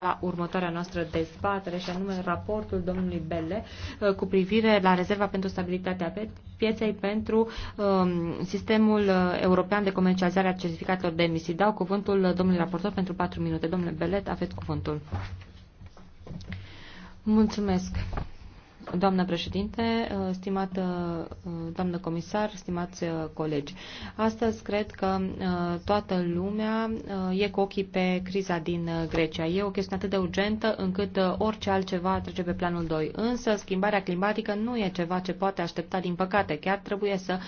la următoarea noastră dezbatere și anume raportul domnului Belle uh, cu privire la rezerva pentru stabilitatea pieței pentru um, sistemul uh, european de comercializare a certificatelor de emisii. Dau cuvântul uh, domnului raportor pentru 4 minute. Domnule Belle, aveți cuvântul. Mulțumesc. Doamnă președinte, uh, stimată uh, doamnă comisar, stimați uh, colegi, astăzi cred că toată lumea e cu ochii pe criza din Grecia. E o chestiune atât de urgentă încât orice altceva trece pe planul 2. Însă schimbarea climatică nu e ceva ce poate aștepta din păcate. Chiar trebuie să,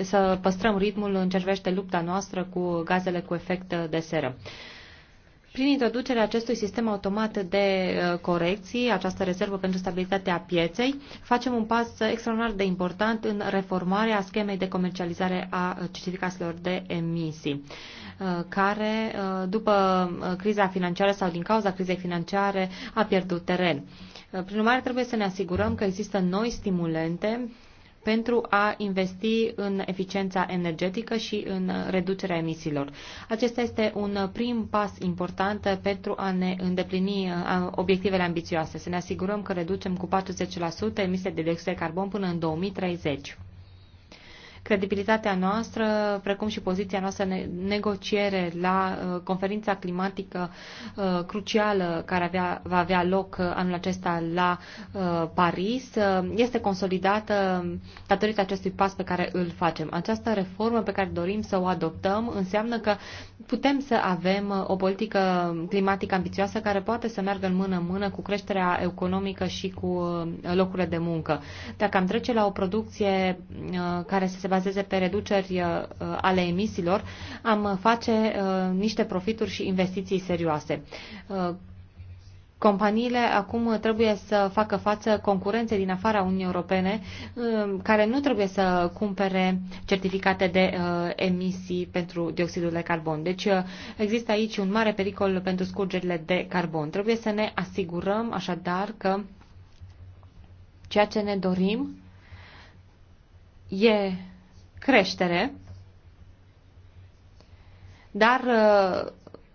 să păstrăm ritmul în ce lupta noastră cu gazele cu efect de seră. Prin introducerea acestui sistem automat de uh, corecții, această rezervă pentru stabilitatea pieței, facem un pas extraordinar de important în reformarea schemei de comercializare a certificaților de emisii uh, care, uh, după criza financiară sau din cauza crizei financiare, a pierdut teren. Prin urmare, trebuie să ne asigurăm că există noi stimulente pentru a investi în eficiența energetică și în reducerea emisiilor. Acesta este un prim pas important pentru a ne îndeplini obiectivele ambițioase, să ne asigurăm că reducem cu 40% emisiile de dioxid de carbon până în 2030 credibilitatea noastră, precum și poziția noastră negociere la uh, conferința climatică uh, crucială care avea, va avea loc uh, anul acesta la Paris, este consolidată datorită acestui pas pe care îl facem. Această reformă pe care dorim să o adoptăm înseamnă că putem să avem o politică climatică ambițioasă care poate să meargă în mână-mână cu creșterea economică și cu locurile de muncă. Dacă am trece la o producție care să se se bazeze pe reduceri uh, uh, ale emisiilor, am face uh, niște profituri și investiții serioase. Companiile acum trebuie să facă față concurenței din afara Uniunii Europene, care nu trebuie să cumpere certificate de emisii pentru dioxidul de carbon. Deci există aici un mare pericol pentru scurgerile de carbon. Trebuie să ne asigurăm așadar că ceea ce ne dorim e creștere, dar uh,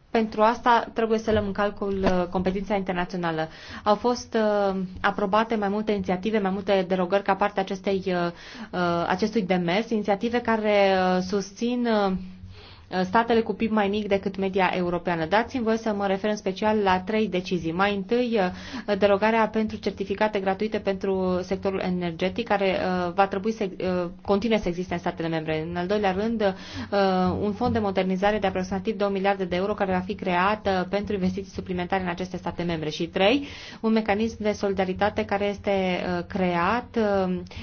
pentru asta trebuie să luăm în calcul uh, competiția internațională. Au fost uh, aprobate mai multe inițiative, mai multe derogări ca parte acestei, uh, uh acestui demers, inițiative care uh, susțin statele cu PIB mai mic decât media europeană. Dați-mi voi să mă refer în special la trei decizii. Mai întâi, uh, derogarea pentru certificate gratuite pentru sectorul energetic, care uh, va trebui să uh, continue să existe în statele membre. În al doilea rând, un fond de modernizare de aproximativ 2 miliarde de euro care va fi creat pentru investiții suplimentare în aceste state membre. Și trei, un mecanism de solidaritate care este creat,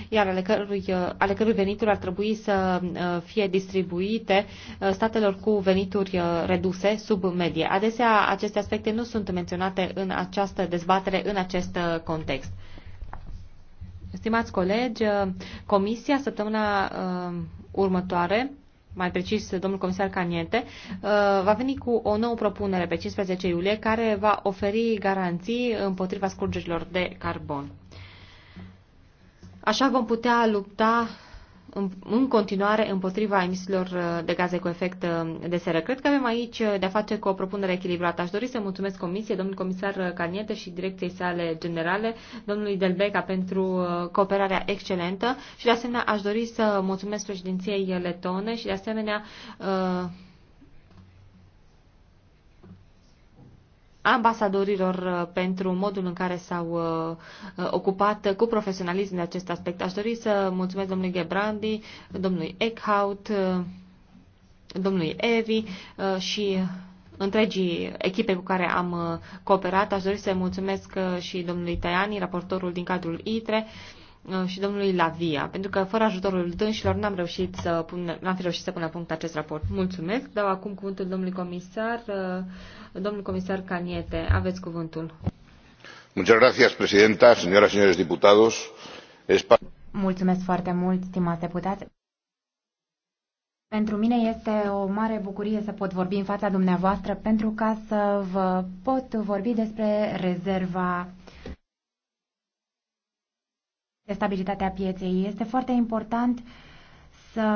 iar ale cărui, ale cărui venituri ar trebui să fie distribuite statele persoanelor cu venituri uh, reduse, sub medie. Adesea aceste aspecte nu sunt menționate în această dezbatere, în acest uh, context. Stimați colegi, uh, Comisia săptămâna următoare mai precis domnul comisar Caniete, va veni cu o nouă propunere pe 15 iulie care va oferi garanții împotriva scurgerilor de carbon. Așa vom putea lupta în continuare împotriva emisiilor uh, de gaze cu efect uh, de seră. Cred că avem aici uh, de-a face cu o propunere echilibrată. Aș dori să mulțumesc Comisiei, domnul comisar Caniete și direcției sale generale, domnului Delbeca pentru cooperarea excelentă și de asemenea aș dori să mulțumesc președinției letone și de asemenea ambasadorilor uh, pentru modul în care s-au uh, uh, ocupat cu profesionalism de acest aspect. Aș dori să mulțumesc domnului Gebrandi, domnului Eckhout, domnului Evi și întregii echipe cu care am cooperat. Aș dori să mulțumesc și domnului Tajani, raportorul din cadrul ITRE, și domnului Lavia, pentru că fără ajutorul dânșilor n-am reușit să pun, n-am fi reușit să pun la punct acest raport. Mulțumesc. Dau acum cuvântul domnului comisar Domnul comisar Caniete, aveți cuvântul. Muchas gracias, presidenta, señoras y señores diputados. Mulțumesc foarte mult, stimați deputați. Pentru mine este o mare bucurie să pot vorbi în fața dumneavoastră pentru ca să vă pot vorbi despre rezerva de stabilitatea pieței. Este foarte important să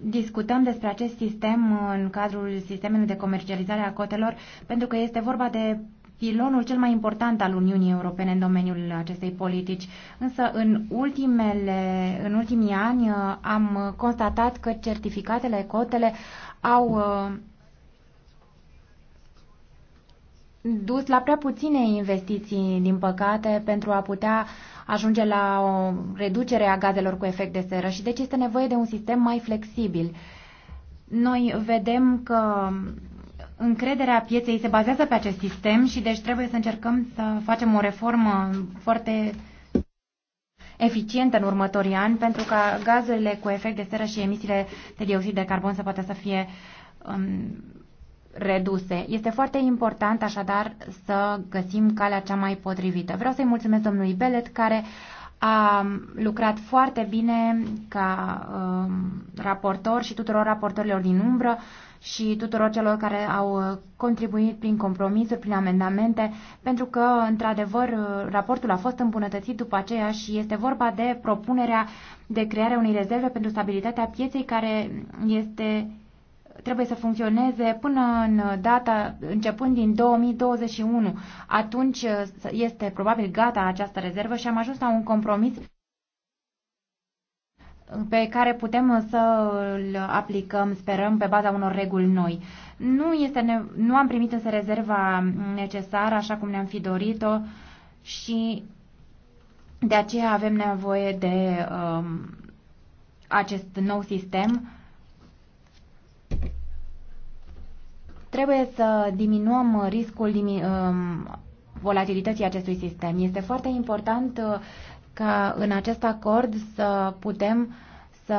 discutăm despre acest sistem în cadrul sistemului de comercializare a cotelor, pentru că este vorba de pilonul cel mai important al Uniunii Europene în domeniul acestei politici. Însă în, ultimele, în ultimii ani am constatat că certificatele, cotele au uh, dus la prea puține investiții, din păcate, pentru a putea ajunge la o reducere a gazelor cu efect de seră și deci este nevoie de un sistem mai flexibil. Noi vedem că încrederea pieței se bazează pe acest sistem și deci trebuie să încercăm să facem o reformă foarte eficientă în următorii ani pentru ca gazurile cu efect de seră și emisiile de dioxid de carbon să poată să fie um, reduse. Este foarte important, așadar, să găsim calea cea mai potrivită. Vreau să-i mulțumesc domnului Belet, care a lucrat foarte bine ca uh, raportor și tuturor raportorilor din umbră și tuturor celor care au contribuit prin compromisuri, prin amendamente, pentru că, într-adevăr, raportul a fost îmbunătățit după aceea și este vorba de propunerea de crearea unei rezerve pentru stabilitatea pieței care este trebuie să funcționeze până în data, începând din 2021. Atunci uh, este probabil gata această rezervă și am ajuns la un compromis pe care putem să l aplicăm, sperăm, pe baza unor reguli noi. Nu, este nu am primit însă rezerva necesară, așa cum ne-am fi dorit-o și de aceea avem nevoie de um, acest nou sistem Trebuie să diminuăm riscul dimi um, volatilității acestui sistem. Este foarte important uh, ca în acest acord să putem să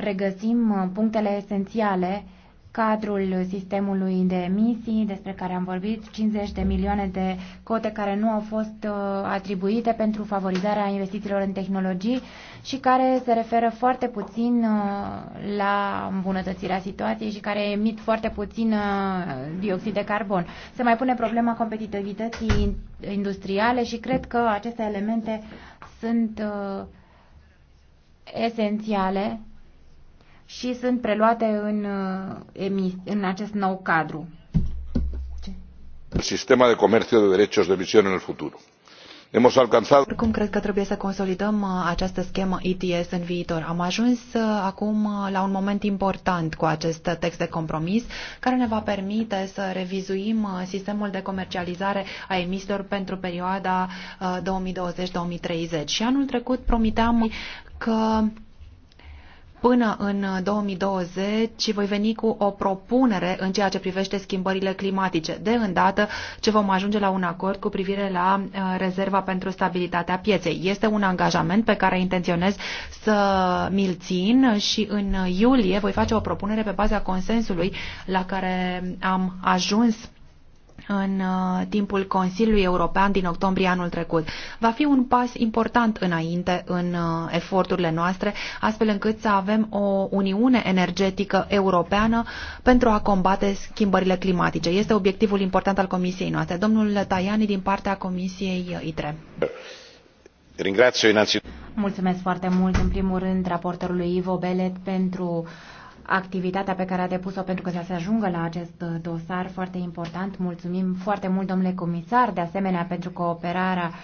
regăsim uh, punctele esențiale cadrul sistemului de emisii despre care am vorbit, 50 de milioane de cote care nu au fost uh, atribuite pentru favorizarea investițiilor în tehnologii și care se referă foarte puțin uh, la îmbunătățirea situației și care emit foarte puțin uh, dioxid de carbon. Se mai pune problema competitivității industriale și cred că aceste elemente sunt esențiale și sunt preluate în, uh, în acest nou cadru. Sistema de comerț de derechos de viziune în Futur. Hemos alcanzado... Oricum, cred că trebuie să consolidăm uh, această schemă ETS în viitor. Am ajuns uh, acum la un moment important cu acest text de compromis care ne va permite să revizuim sistemul de comercializare a emisilor pentru perioada 2020-2030. Și anul trecut promiteam că Până în 2020 uh, voi veni cu o propunere în ceea ce privește schimbările climatice, de îndată ce vom ajunge la un acord cu privire la uh, rezerva pentru stabilitatea pieței. Este un angajament pe care intenționez să mi-l țin și în iulie voi face o propunere pe baza consensului la care am ajuns în uh, timpul Consiliului European din octombrie anul trecut. Va fi un pas important înainte în uh, eforturile noastre, astfel încât să avem o uniune energetică europeană pentru a combate schimbările climatice. Este obiectivul important al Comisiei noastre. Domnul Tajani din partea Comisiei ITRE. Mulțumesc foarte mult, în primul rând, raportorului Ivo Belet pentru uh, activitatea pe care a depus-o pentru că să se ajungă la acest uh, dosar foarte important. Mulțumim foarte mult, domnule comisar, de asemenea pentru cooperarea uh,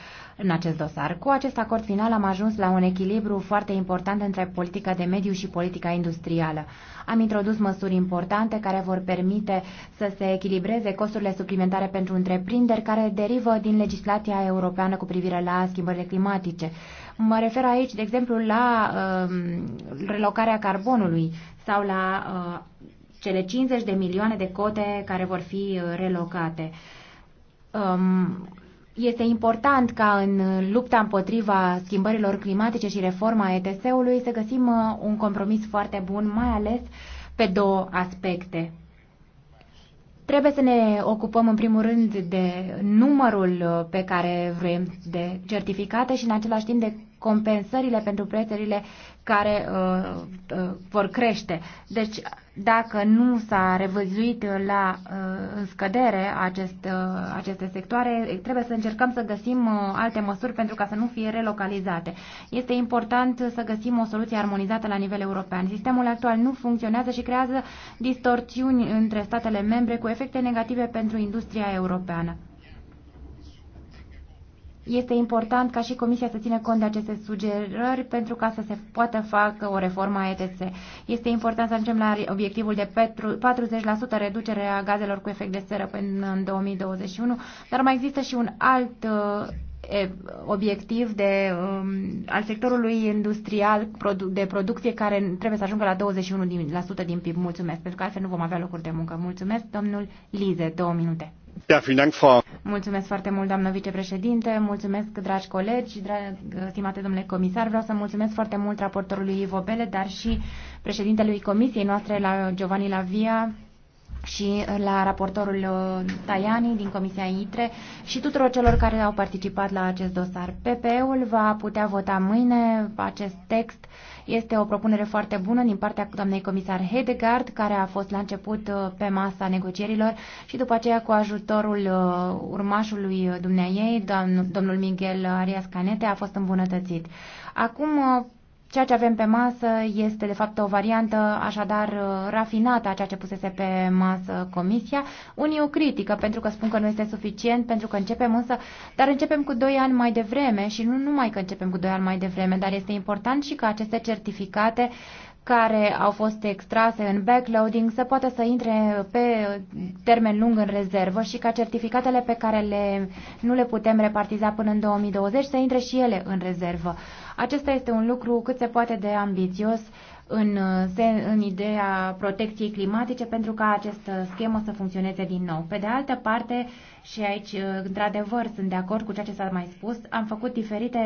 în acest dosar. Cu acest acord final am ajuns la un echilibru foarte important între politica de mediu și politica industrială. Am introdus măsuri importante care vor permite să se echilibreze costurile suplimentare pentru întreprinderi care derivă din legislația europeană cu privire la schimbările climatice. Mă refer aici, de exemplu, la uh, relocarea carbonului sau la uh, cele 50 de milioane de cote care vor fi uh, relocate. Um, este important ca în lupta împotriva schimbărilor climatice și reforma ETS-ului să găsim uh, un compromis foarte bun, mai ales pe două aspecte. Trebuie să ne ocupăm în primul rând de numărul uh, pe care vrem de certificate și în același timp de compensările pentru prețurile care uh, uh, vor crește. Deci, dacă nu s-a revăzuit la uh, scădere acest, uh, aceste sectoare, trebuie să încercăm să găsim uh, alte măsuri pentru ca să nu fie relocalizate. Este important să găsim o soluție armonizată la nivel european. Sistemul actual nu funcționează și creează distorsiuni între statele membre cu efecte negative pentru industria europeană. Este important ca și Comisia să țină cont de aceste sugerări pentru ca să se poată facă o reformă a ETS. Este important să ajungem la obiectivul de 40% reducere a gazelor cu efect de seră până în 2021, dar mai există și un alt uh, obiectiv de, um, al sectorului industrial produ- de producție care trebuie să ajungă la 21% din PIB. Mulțumesc, pentru că altfel nu vom avea locuri de muncă. Mulțumesc, domnul Lize. Două minute. Mulțumesc foarte mult, doamnă vicepreședinte, mulțumesc, dragi colegi, drag, stimate domnule comisar. Vreau să mulțumesc foarte mult raportorului Ivo Bele, dar și președintelui comisiei noastre, la Giovanni Lavia, și la raportorul uh, Tajani din Comisia ITRE și tuturor celor care au participat la acest dosar. PPE-ul va putea vota mâine acest text este o propunere foarte bună din partea doamnei comisar Hedegaard, care a fost la început uh, pe masa negocierilor și după aceea cu ajutorul uh, urmașului uh, ei, domnul Miguel Arias Canete, a fost îmbunătățit. Acum Ceea ce avem pe masă este de fapt o variantă așadar uh, rafinată a ceea ce pusese pe masă Comisia. Unii o critică pentru că spun că nu este suficient, pentru că începem însă, dar începem cu doi ani mai devreme și nu numai că începem cu doi ani mai devreme, dar este important și că aceste certificate care au fost extrase în backloading să poată să intre pe termen lung în rezervă și ca certificatele pe care le, nu le putem repartiza până în 2020 să intre și ele în rezervă. Acesta este un lucru cât se poate de ambițios în, în ideea protecției climatice pentru ca această schemă să funcționeze din nou. Pe de altă parte, și aici, într-adevăr, sunt de acord cu ceea ce s-a mai spus, am făcut diferite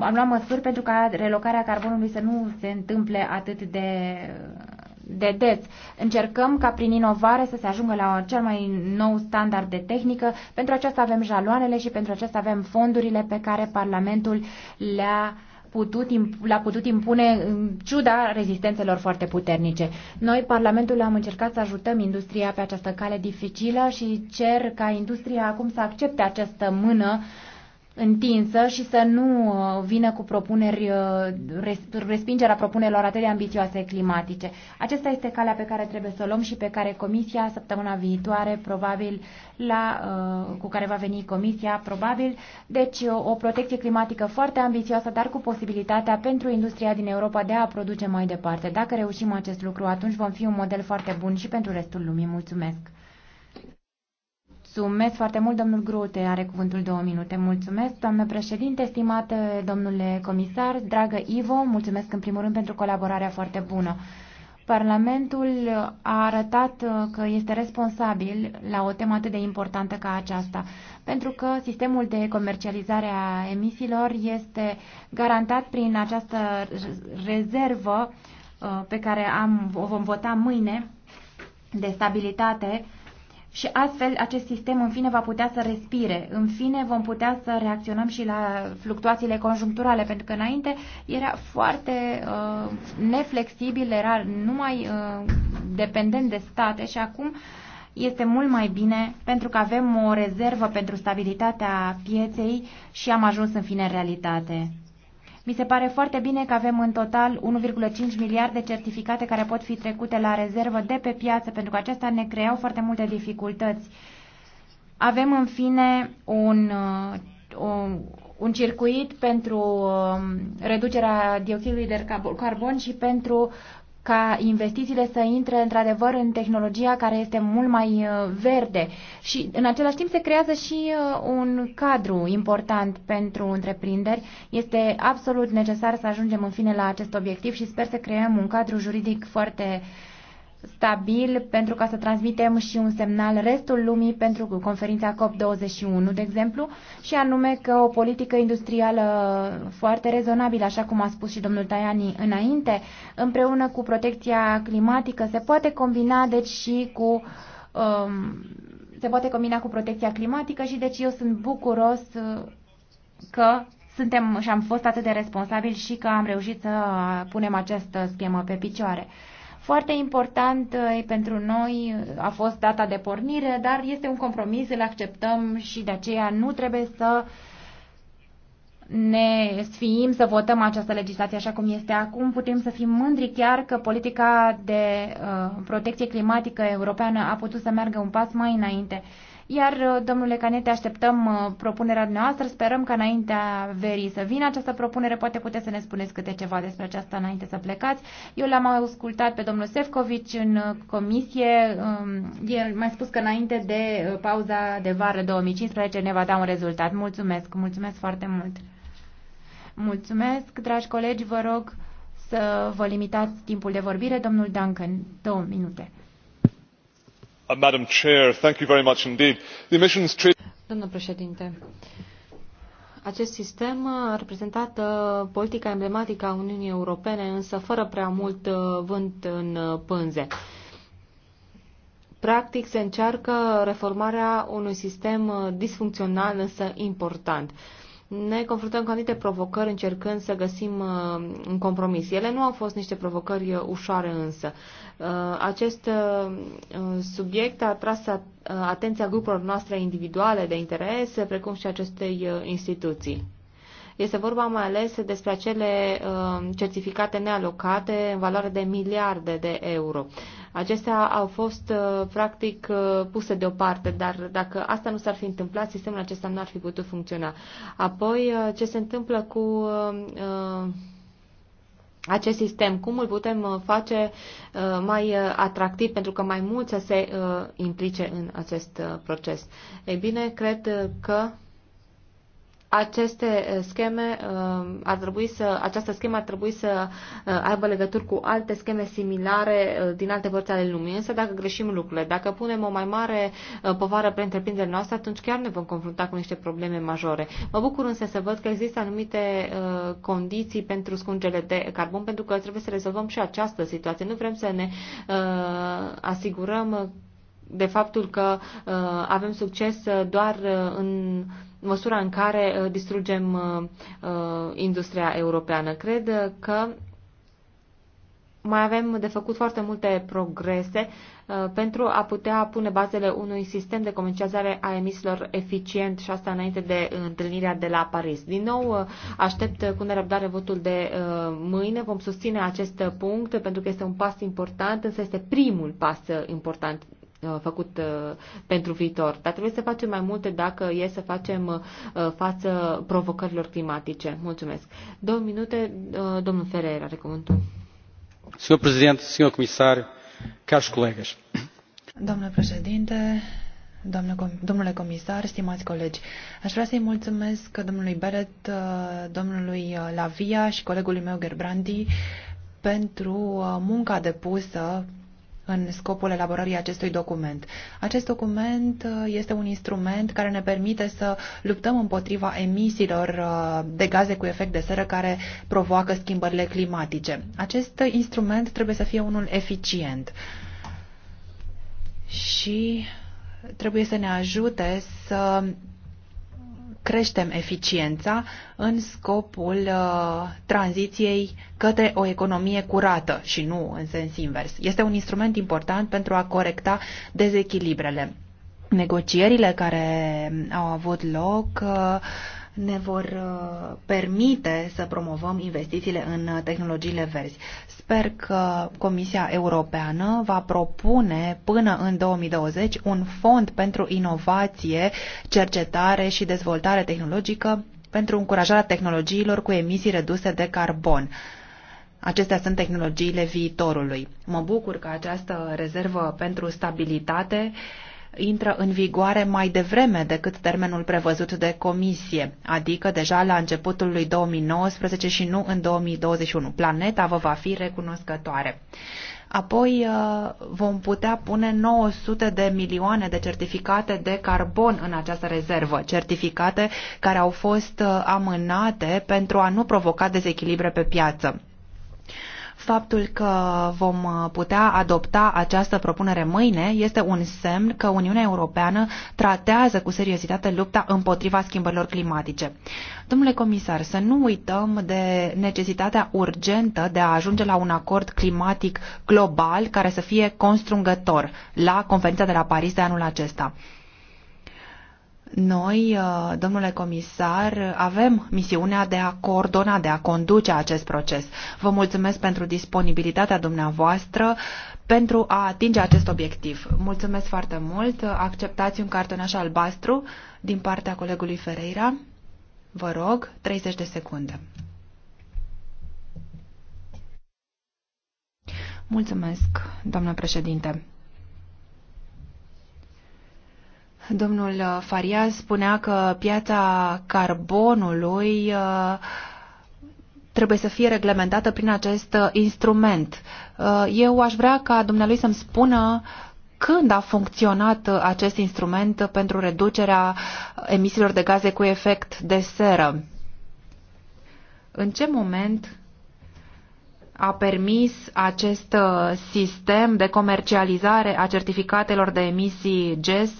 am luat măsuri pentru ca relocarea carbonului să nu se întâmple atât de de des. Încercăm ca prin inovare să se ajungă la cel mai nou standard de tehnică. Pentru aceasta avem jaloanele și pentru aceasta avem fondurile pe care Parlamentul le-a putut, l-a putut impune în ciuda rezistențelor foarte puternice. Noi, Parlamentul, am încercat să ajutăm industria pe această cale dificilă și cer ca industria acum să accepte această mână uh, întinsă și să nu uh, vină cu propuneri, uh, respingerea propunerilor atât de ambițioase climatice. Acesta este calea pe care trebuie să o luăm și pe care Comisia săptămâna viitoare, probabil, la, uh, cu care va veni Comisia, probabil. Deci o protecție climatică foarte ambițioasă, dar cu posibilitatea pentru industria din Europa de a produce mai departe. Dacă reușim acest lucru, atunci vom fi un model foarte bun și pentru restul lumii. Mulțumesc! Mulțumesc foarte mult, domnul Grote are cuvântul două minute. Mulțumesc, doamnă președinte, estimat domnule comisar, dragă Ivo, mulțumesc în primul rând pentru colaborarea foarte bună. Parlamentul a arătat că este responsabil la o temă atât de importantă ca aceasta, pentru că sistemul de comercializare a emisiilor este garantat prin această rezervă uh, pe care am, o vom vota mâine de stabilitate și astfel acest sistem în fine va putea să respire, în fine vom putea să reacționăm și la fluctuațiile conjuncturale, pentru că înainte era foarte uh, neflexibil, era numai uh, dependent de state și acum este mult mai bine pentru că avem o rezervă pentru stabilitatea pieței și am ajuns în fine în realitate. Mi se pare foarte bine că avem în total 1,5 miliarde de certificate care pot fi trecute la rezervă de pe piață, pentru că acestea ne creau foarte multe dificultăți. Avem, în fine, un, uh, un, un circuit pentru um, reducerea dioxidului de carbon și pentru ca investițiile să intre într-adevăr în tehnologia care este mult mai uh, verde și în același timp se creează și uh, un cadru important pentru întreprinderi. Este absolut necesar să ajungem în fine la acest obiectiv și sper să creăm un cadru juridic foarte uh, stabil pentru ca să transmitem și un semnal restul lumii pentru conferința COP21, de exemplu, și anume că o politică industrială foarte rezonabilă, așa cum a spus și domnul Tajani înainte, împreună cu protecția climatică, se poate combina deci și cu um, se poate combina cu protecția climatică și deci eu sunt bucuros uh, că suntem și am fost atât de responsabili și că am reușit să punem această schemă pe picioare. Foarte important eh, pentru noi a fost data de pornire, dar este un compromis, îl acceptăm și de aceea nu trebuie să ne sfiim să votăm această legislație așa cum este acum. Putem să fim mândri chiar că politica de uh, protecție climatică europeană a putut să meargă un pas mai înainte. Uh, iar, uh, domnule Canete, așteptăm uh, propunerea noastră. Sperăm că înaintea verii să vină această propunere. Poate puteți să ne spuneți câte ceva despre aceasta înainte să plecați. Eu l-am ascultat pe domnul Sefcovic în uh, comisie. Um, el mi-a spus că înainte de pauza de vară 2015 ne va da un rezultat. Mulțumesc, mulțumesc foarte mult. Mulțumesc, dragi colegi, vă rog să vă limitați timpul de vorbire. Domnul Duncan, două minute. Uh, Domnule președinte, acest sistem uh, a reprezentat uh, politica emblematică a Uniunii Europene, însă fără prea mult vânt în pânze. Practic se încearcă reformarea unui sistem disfuncțional, însă important ne confruntăm cu anumite provocări încercând să găsim uh, un compromis. Ele nu au fost niște provocări uh, ușoare însă. Uh, acest subiect a atras atenția grupurilor noastre individuale de interes, precum și acestei instituții. Este vorba mai ales despre acele certificate nealocate în valoare de miliarde de euro. Acestea au fost uh, practic uh, puse deoparte, dar dacă asta nu s-ar fi întâmplat, sistemul acesta nu ar fi putut funcționa. Apoi, uh, ce se întâmplă cu acest sistem, cum îl putem face mai atractiv pentru că mai mulți să se implice în acest proces. Ei bine, cred că aceste uh, scheme uh, ar trebui să, această schemă ar trebui să uh, aibă legături cu alte scheme similare din alte părți ale lumii. Însă dacă greșim lucrurile, dacă punem o mai mare povară pe întreprinderile noastre, atunci chiar ne vom confrunta cu niște probleme majore. Mă bucur însă să văd că există anumite condiții pentru scungele de carbon, pentru că trebuie să rezolvăm și această situație. Nu vrem să ne asigurăm de faptul că avem succes doar în măsura în care uh, distrugem uh, uh, industria europeană. Cred că mai avem de făcut foarte multe progrese pentru a putea pune bazele unui sistem de comercializare a emisiilor eficient și asta înainte de întâlnirea de la Paris. Din nou, aștept cu nerăbdare votul de mâine. Vom susține acest punct pentru că este un pas important, însă este primul pas important. Uh, făcut uh, pentru viitor. Dar trebuie să facem mai multe dacă e să facem uh, față provocărilor climatice. Mulțumesc. Două minute, domnul Ferrer are cuvântul. Senhor Presidente, Senhor comisar, cași colegas. Domnule președinte, domnule comisar, stimați colegi, aș vrea să-i mulțumesc domnului Beret, domnului Lavia și colegului meu Gerbrandi pentru munca depusă în scopul elaborării acestui document. Acest document uh, este un instrument care ne permite să luptăm împotriva emisiilor uh, de gaze cu efect de seră care provoacă schimbările climatice. Acest instrument trebuie să fie unul eficient și trebuie să ne ajute să creștem eficiența în scopul uh, tranziției către o economie curată și nu în sens invers. Este un instrument important pentru a corecta dezechilibrele. Negocierile care au avut loc uh, ne vor uh, permite să promovăm investițiile în uh, tehnologiile verzi. Sper că Comisia Europeană va propune până în 2020 un fond pentru inovație, cercetare și dezvoltare tehnologică pentru încurajarea tehnologiilor cu emisii reduse de carbon. Acestea sunt tehnologiile viitorului. Mă bucur că această rezervă pentru stabilitate uh, intră în vigoare mai devreme decât termenul prevăzut de comisie, adică deja la începutul lui 2019 și nu în 2021. Planeta vă va fi recunoscătoare. Apoi uh, vom putea pune 900 de milioane de certificate de carbon în această rezervă, certificate care au fost uh, amânate pentru a nu provoca dezechilibre pe piață. Faptul că vom uh, putea adopta această propunere mâine este un semn că Uniunea Europeană tratează cu seriozitate lupta împotriva schimbărilor climatice. Domnule comisar, să nu uităm de necesitatea urgentă de a ajunge la un acord climatic global care să fie constrângător la conferința de la Paris de anul acesta. Noi, uh, domnule comisar, avem misiunea de a coordona, de a conduce acest proces. Vă mulțumesc pentru disponibilitatea dumneavoastră pentru a atinge acest obiectiv. Mulțumesc foarte mult. Acceptați un cartonaș albastru din partea colegului Ferreira. Vă rog, 30 de secunde. Mulțumesc, doamnă președinte. Domnul Farias spunea că piața carbonului uh, trebuie să fie reglementată prin acest uh, instrument. Uh, eu aș vrea ca dumnealui să-mi spună când a funcționat acest instrument pentru reducerea emisiilor de gaze cu efect de seră. În ce moment a permis acest sistem de comercializare a certificatelor de emisii GES uh,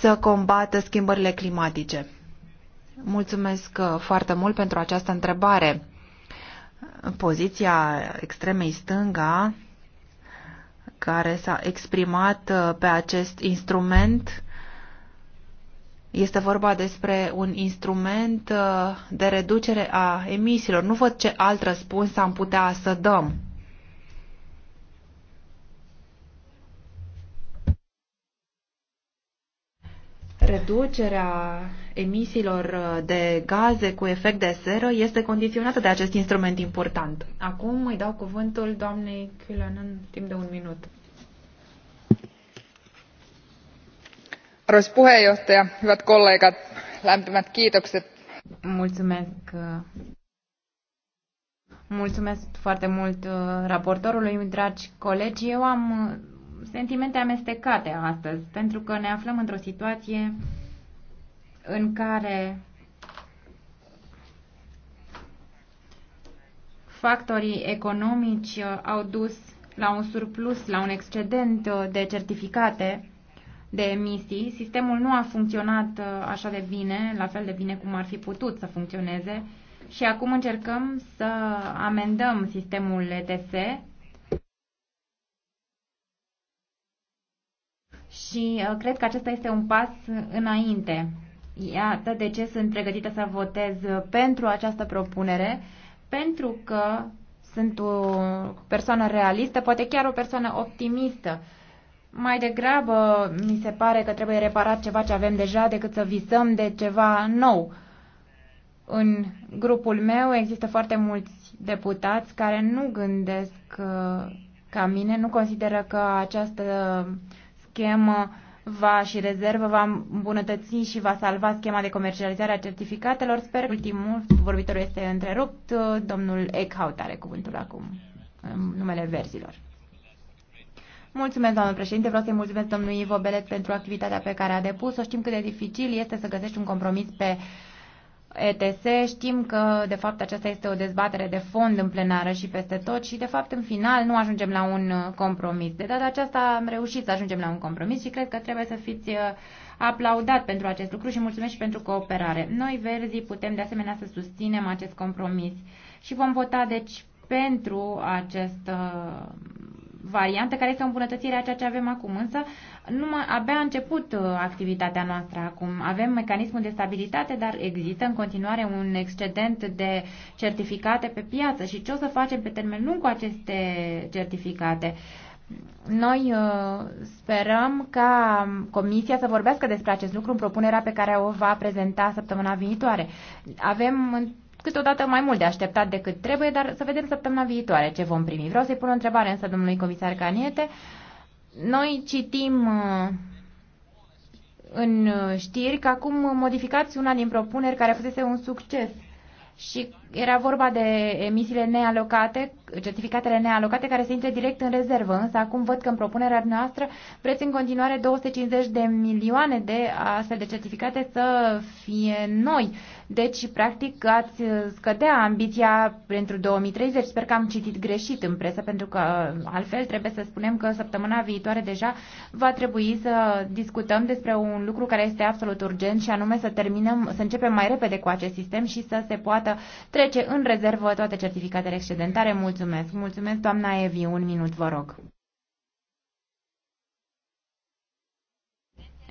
să combată schimbările climatice? Mulțumesc uh, foarte mult pentru această întrebare. Poziția extremei stânga care s-a exprimat uh, pe acest instrument este vorba despre un instrument uh, de reducere a emisiilor. Nu văd ce alt răspuns am putea să dăm. Reducerea emisiilor uh, de gaze cu efect de seră este condiționată de acest instrument important. Acum îi dau cuvântul doamnei Kylanen timp de un minut. Arvoisa puheenjohtaja, hyvät kollegat, lämpimät kiitokset. Mulțumesc. Mulțumesc foarte mult uh, raportorului, dragi colegi. Eu am uh, sentimente amestecate astăzi, pentru că ne aflăm într-o situație în care factorii economici uh, au dus la un surplus, la un excedent uh, de certificate de emisii. Sistemul nu a funcționat uh, așa de bine, la fel de bine cum ar fi putut să funcționeze și acum încercăm să amendăm sistemul ETS și uh, cred că acesta este un pas înainte. Iată de ce sunt pregătită să votez uh, pentru această propunere, pentru că sunt o persoană realistă, poate chiar o persoană optimistă. Mai degrabă mi se pare că trebuie reparat ceva ce avem deja decât să visăm de ceva nou. În grupul meu există foarte mulți deputați care nu gândesc uh, ca mine, nu consideră că această uh, schemă va și rezervă va îmbunătăți și va salva schema de comercializare a certificatelor. Sper că ultimul vorbitor este întrerupt. Domnul Eckhout are cuvântul acum în numele verzilor. Mulțumesc, domnul președinte. Vreau să-i mulțumesc domnului Ivo Belet pentru activitatea pe care a depus-o. Știm cât de dificil este să găsești un compromis pe uh, ETS. Știm că, de fapt, aceasta este o dezbatere de fond în plenară și peste tot și, de fapt, în final nu ajungem la un uh, compromis. De data aceasta am reușit să ajungem la un compromis și cred că trebuie să fiți uh, aplaudat pentru acest lucru și mulțumesc și pentru cooperare. Noi, Verzi, putem de asemenea să susținem acest compromis și vom vota, deci, pentru acest, uh, variantă care este o îmbunătățire a ceea ce avem acum. Însă, numai, abia a început uh, activitatea noastră acum. Avem mecanismul de stabilitate, dar există în continuare un excedent de certificate pe piață. Și ce o să facem pe termen lung cu aceste certificate? Noi uh, sperăm ca Comisia să vorbească despre acest lucru în propunerea pe care o va prezenta săptămâna viitoare. Avem câteodată mai mult de așteptat decât trebuie, dar să vedem săptămâna viitoare ce vom primi. Vreau să-i pun o întrebare însă domnului comisar Caniete. Noi citim uh, în uh, știri că acum modificați una din propuneri care fusese un succes și era vorba de emisiile nealocate, certificatele nealocate care se intre direct în rezervă, însă acum văd că în propunerea noastră vreți în continuare 250 de milioane de astfel de certificate să fie noi. Deci, practic, ați scădea ambiția pentru 2030. Sper că am citit greșit în presă, pentru că uh, altfel trebuie să spunem că săptămâna viitoare deja va trebui să discutăm despre un lucru care este absolut urgent și anume să terminăm, să începem mai repede cu acest sistem și să se poată trece în rezervă toate certificatele excedentare. Mulțumesc! Mulțumesc, doamna Evi, un minut, vă rog.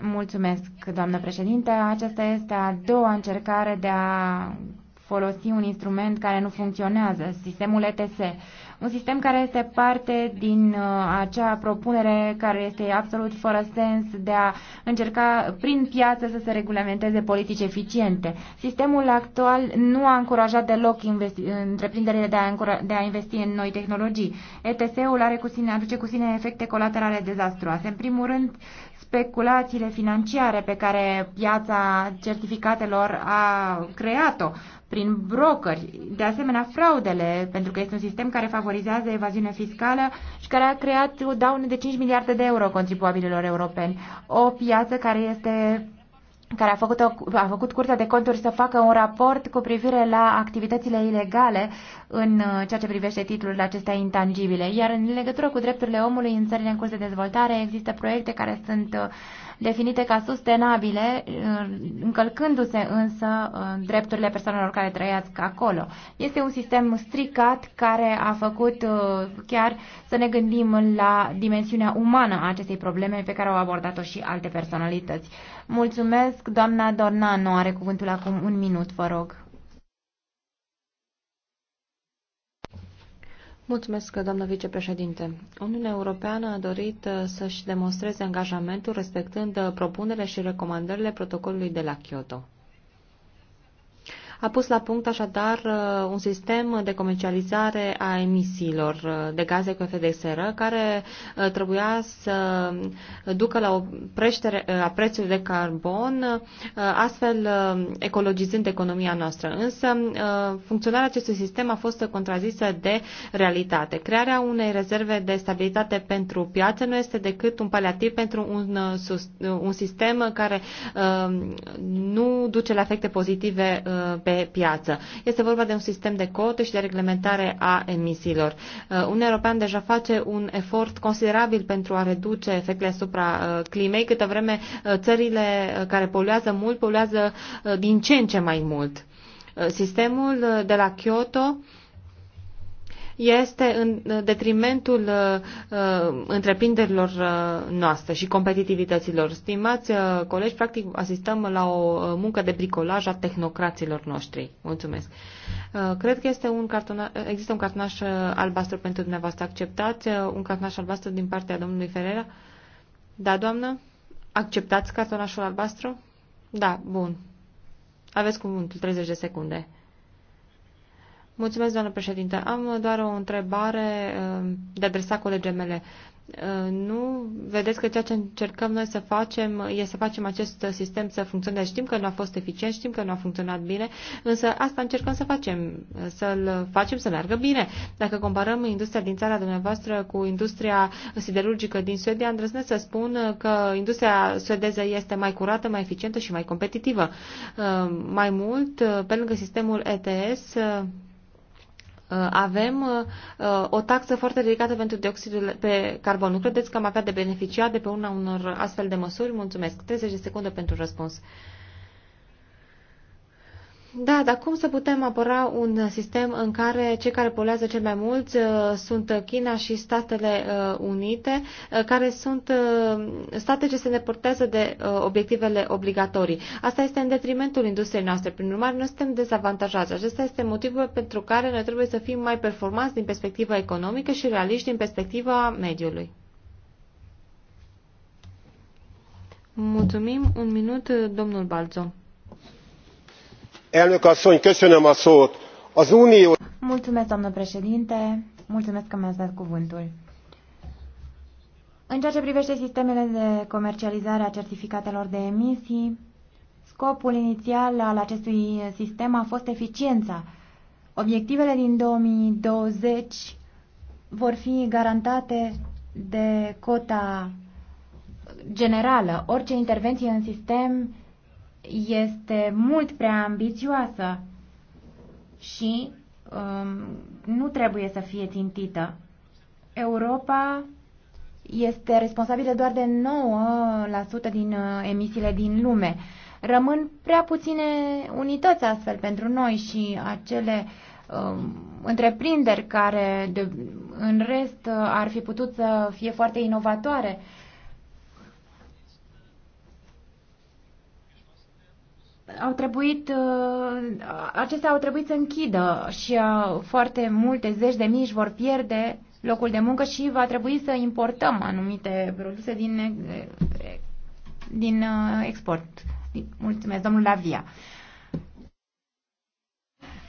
Mulțumesc, doamnă președinte. Aceasta este a doua încercare de a folosi un instrument care nu funcționează, sistemul ETS. Un sistem care este parte din uh, acea propunere care este absolut fără sens de a încerca prin piață să se regulamenteze politici eficiente. Sistemul actual nu a încurajat deloc întreprinderile de a, de a investi în noi tehnologii. ETS-ul are cu sine, aduce cu sine efecte colaterale dezastroase. În primul rând, speculațiile financiare pe care piața certificatelor a creat-o prin brokeri. De asemenea, fraudele, pentru că este un sistem care favorizează evaziunea fiscală și care a creat o daună de 5 miliarde de euro contribuabililor europeni. O piață care este care a făcut, o, a făcut Curtea de Conturi să facă un raport cu privire la activitățile ilegale în uh, ceea ce privește titlurile acestea intangibile. Iar în legătură cu drepturile omului în țările în curs de dezvoltare există proiecte care sunt uh, definite ca sustenabile, uh, încălcându-se însă uh, drepturile persoanelor care trăiesc acolo. Este un sistem stricat care a făcut uh, chiar să ne gândim la dimensiunea umană a acestei probleme pe care au abordat-o și alte personalități. Mulțumesc, doamna Dornano are cuvântul acum un minut, vă rog. Mulțumesc, doamnă vicepreședinte. Uniunea Europeană a dorit uh, să-și demonstreze angajamentul respectând uh, propunerile și recomandările protocolului de la Kyoto a pus la punct așadar uh, un sistem de comercializare a emisiilor uh, de gaze cu efect de seră care uh, trebuia să ducă la o preștere a prețului de carbon, astfel ecologizând economia noastră. Însă funcționarea acestui sistem a fost contrazisă de realitate. Crearea unei rezerve de stabilitate pentru piață nu este decât un paliativ pentru un, un sistem care nu duce la efecte pozitive pe piață. Este vorba de un sistem de cote și de reglementare a emisiilor. Uh, Uniunea Europeană deja face un efort considerabil pentru a reduce efectele asupra uh, climei, câtă vreme uh, țările care poluează mult, poluează din ce în ce mai mult. Sistemul de la Kyoto este în detrimentul uh, uh, întreprinderilor uh, noastre și competitivităților. Stimați colegi, practic asistăm la o muncă de bricolaj a tehnocraților noștri. Mulțumesc. Cred că este un cartona, există un cartonaș albastru pentru dumneavoastră. Acceptați un cartonaș albastru din partea domnului Ferreira? Da, doamnă? Acceptați cartonașul albastru? Da, bun. Aveți cuvântul 30 de secunde. Mulțumesc, doamnă președinte. Am doar o întrebare uh, de adresat colegii mele. Uh, nu vedeți că ceea ce încercăm noi să facem e să facem acest sistem să funcționeze. Știm că nu a fost eficient, știm că nu a funcționat bine, însă asta încercăm să facem, să-l facem să meargă bine. Dacă comparăm industria din țara dumneavoastră cu industria siderurgică din Suedia, îndrăznesc să spun că industria suedeză este mai curată, mai eficientă și mai competitivă. Uh, mai mult, pe lângă sistemul ETS, Uh, avem uh, o taxă foarte ridicată pentru dioxidul pe carbon. Nu credeți că am avea de beneficiat de pe una unor astfel de măsuri? Mulțumesc. 30 de secunde pentru răspuns. Uh, da, dar cum să putem apăra un sistem în care cei care polează cel mai mult uh, sunt China și Statele uh, Unite, uh, care sunt state ce se depărtează de obiectivele obligatorii? Asta este în detrimentul industriei noastre. Prin urmare, noi suntem dezavantajați. Acesta este motivul pentru care noi trebuie să fim mai performanți din perspectiva economică și realiști din perspectiva mediului. Mulțumim. Un minut, domnul Balzo. Mulțumesc, doamnă președinte. Mulțumesc că mi-ați dat cuvântul. În ceea ce privește sistemele de comercializare a certificatelor de emisii, scopul inițial al acestui sistem a fost eficiența. Obiectivele din 2020 vor fi garantate de cota generală. Orice intervenție în sistem este mult prea ambițioasă și um, nu trebuie să fie țintită. Europa este responsabilă doar de 9% din uh, emisiile din lume. Rămân prea puține unități astfel pentru noi și acele uh, întreprinderi care de, în rest uh, ar fi putut să fie foarte inovatoare au trebuit, uh, acestea au trebuit să închidă și uh, foarte multe zeci de mii își vor pierde locul de muncă și va trebui să importăm anumite produse din, uh, din export. Mulțumesc, domnul Lavia.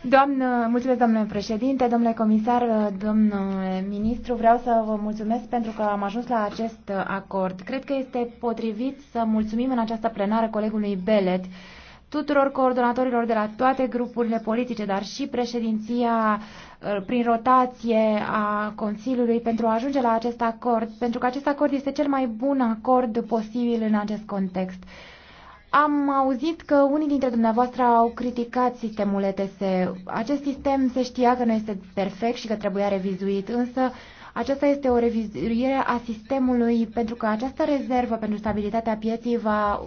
Doamnă, mulțumesc, domnule președinte, domnule comisar, domnule ministru. Vreau să vă mulțumesc pentru că am ajuns la acest acord. Cred că este potrivit să mulțumim în această plenară colegului Belet tuturor coordonatorilor de la toate grupurile politice, dar și președinția uh, prin rotație a Consiliului pentru a ajunge la acest acord, pentru că acest acord este cel mai bun acord posibil în acest context. Am auzit că unii dintre dumneavoastră au criticat sistemul ETS. Acest sistem se știa că nu este perfect și că trebuia revizuit, însă uh, aceasta este o revizuire a sistemului pentru că această rezervă pentru stabilitatea pieții va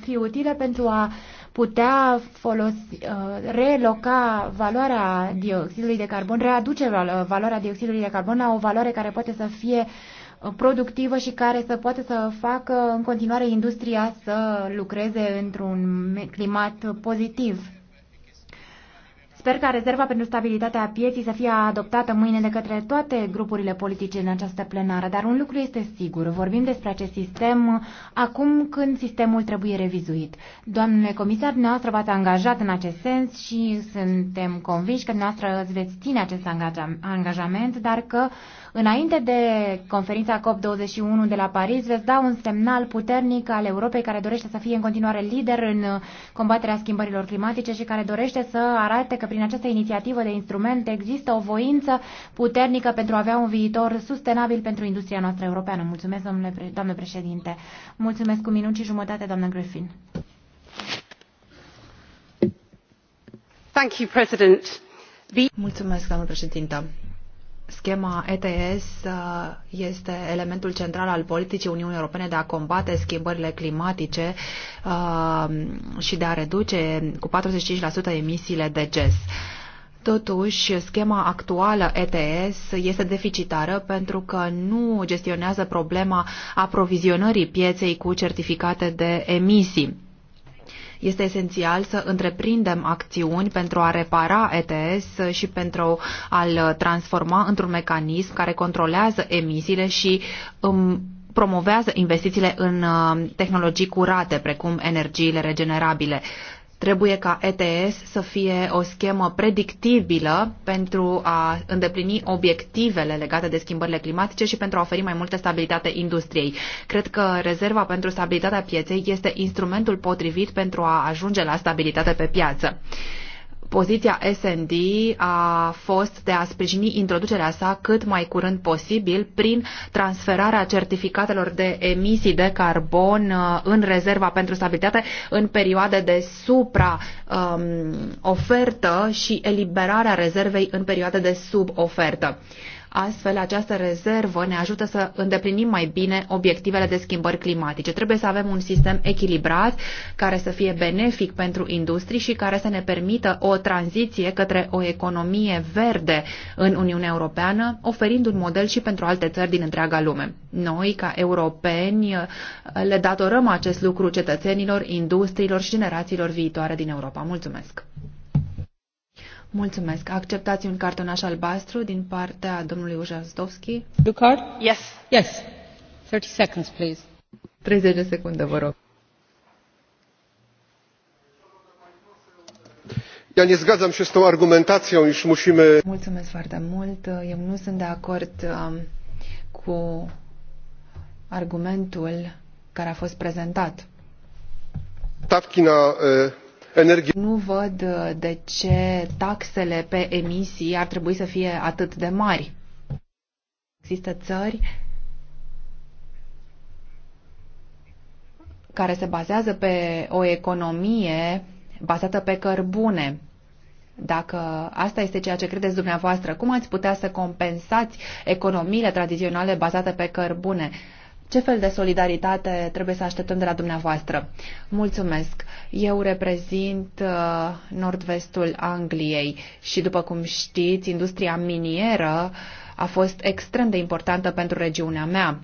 fi utilă pentru a putea folosi, uh, reloca valoarea dioxidului de carbon, readuce uh, valoarea dioxidului de carbon la o valoare care poate să fie uh, productivă și care să poate să facă în continuare industria să lucreze într-un climat pozitiv. Sper ca rezerva pentru stabilitatea pieții să fie adoptată mâine de către toate grupurile politice în această plenară, dar un lucru este sigur. Vorbim despre acest sistem acum când sistemul trebuie revizuit. Doamne comisar, dumneavoastră v-ați angajat în acest sens și suntem convinși că dumneavoastră îți veți ține acest angajament, dar că înainte de conferința COP21 de la Paris veți da un semnal puternic al Europei care dorește să fie în continuare lider în combaterea schimbărilor climatice și care dorește să arate că prin această inițiativă de instrumente există o voință puternică pentru a avea un viitor sustenabil pentru industria noastră europeană. Mulțumesc, domnule, doamnă președinte. Mulțumesc cu minut și jumătate, doamnă Griffin. Thank you, President. Mulțumesc, doamnă președinte. Schema ETS uh, este elementul central al politicii Uniunii Europene de a combate schimbările climatice uh, și de a reduce cu 45% emisiile de GES. Totuși, schema actuală ETS este deficitară pentru că nu gestionează problema aprovizionării pieței cu certificate de emisii este esențial să întreprindem acțiuni pentru a repara ETS și pentru a-l transforma într-un mecanism care controlează emisiile și um, promovează investițiile în uh, tehnologii curate, precum energiile regenerabile. Trebuie ca ETS să fie o schemă predictibilă pentru a îndeplini obiectivele legate de schimbările climatice și pentru a oferi mai multă stabilitate industriei. Cred că rezerva pentru stabilitatea pieței este instrumentul potrivit pentru a ajunge la stabilitate pe piață. Poziția SND a fost de a sprijini introducerea sa cât mai curând posibil prin transferarea certificatelor de emisii de carbon uh, în rezerva pentru stabilitate în perioade de supra-ofertă um, și eliberarea rezervei în perioade de sub-ofertă. Astfel, această rezervă ne ajută să îndeplinim mai bine obiectivele de schimbări climatice. Trebuie să avem un sistem echilibrat care să fie benefic pentru industrie și care să ne permită o tranziție către o economie verde în Uniunea Europeană, oferind un model și pentru alte țări din întreaga lume. Noi, ca europeni, le datorăm acest lucru cetățenilor, industriilor și generațiilor viitoare din Europa. Mulțumesc! Mulțumesc. Acceptați un cartonaș albastru din partea domnului Ujazdovski? Blue card? Yes. Yes. 30 seconds, please. 30 de secunde, vă rog. Ja nie zgadzam się z tą argumentacją, iż musimy... Mulțumesc foarte mult. Eu nu sunt de acord um, cu argumentul care a fost prezentat. Stawki na uh, energie. Nu văd uh, de ce taxele pe emisii ar trebui să fie atât de mari. Există țări care se bazează pe o economie bazată pe cărbune. Dacă asta este ceea ce credeți dumneavoastră, cum ați putea să compensați economiile tradiționale bazate pe cărbune? Ce fel de solidaritate trebuie să așteptăm de la dumneavoastră? Mulțumesc. Eu reprezint uh, nord-vestul Angliei și, după cum știți, industria minieră a fost extrem de importantă pentru regiunea mea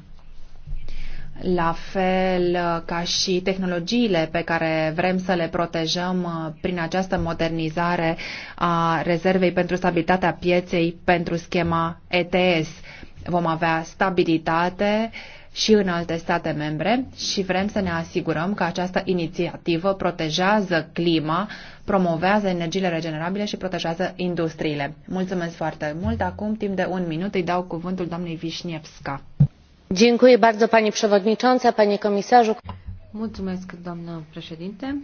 la fel uh, ca și tehnologiile pe care vrem să le protejăm uh, prin această modernizare a rezervei pentru stabilitatea pieței pentru schema ETS vom avea stabilitate și în alte state membre și vrem să ne asigurăm că această inițiativă protejează clima, promovează energiile regenerabile și protejează industriile. Mulțumesc foarte mult. Acum, timp de un minut, îi dau cuvântul doamnei Vișniewska. Dziękuję bardzo, pani przewodnicząca, panie komisarzu. Mulțumesc, doamnă președinte.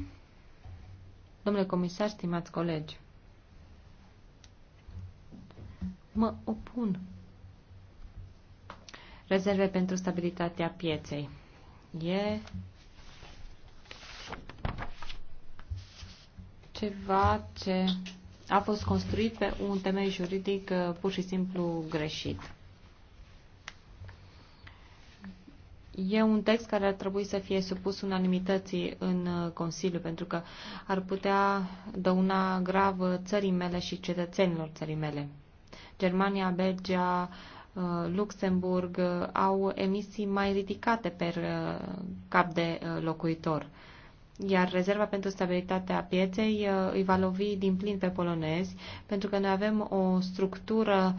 Domnule comisar, stimați colegi, mă opun rezerve pentru stabilitatea pieței. E ceva ce a fost construit pe un temei juridic uh, pur și simplu greșit. E un text care ar trebui să fie supus unanimității în uh, Consiliu, pentru că ar putea dăuna grav uh, țării mele și cetățenilor țării mele. Germania, Belgia, Uh, Luxemburg uh, au emisii mai ridicate per uh, cap de locuitor. Iar rezerva pentru stabilitatea pieței îi va lovi din plin pe polonezi, pentru că noi avem o structură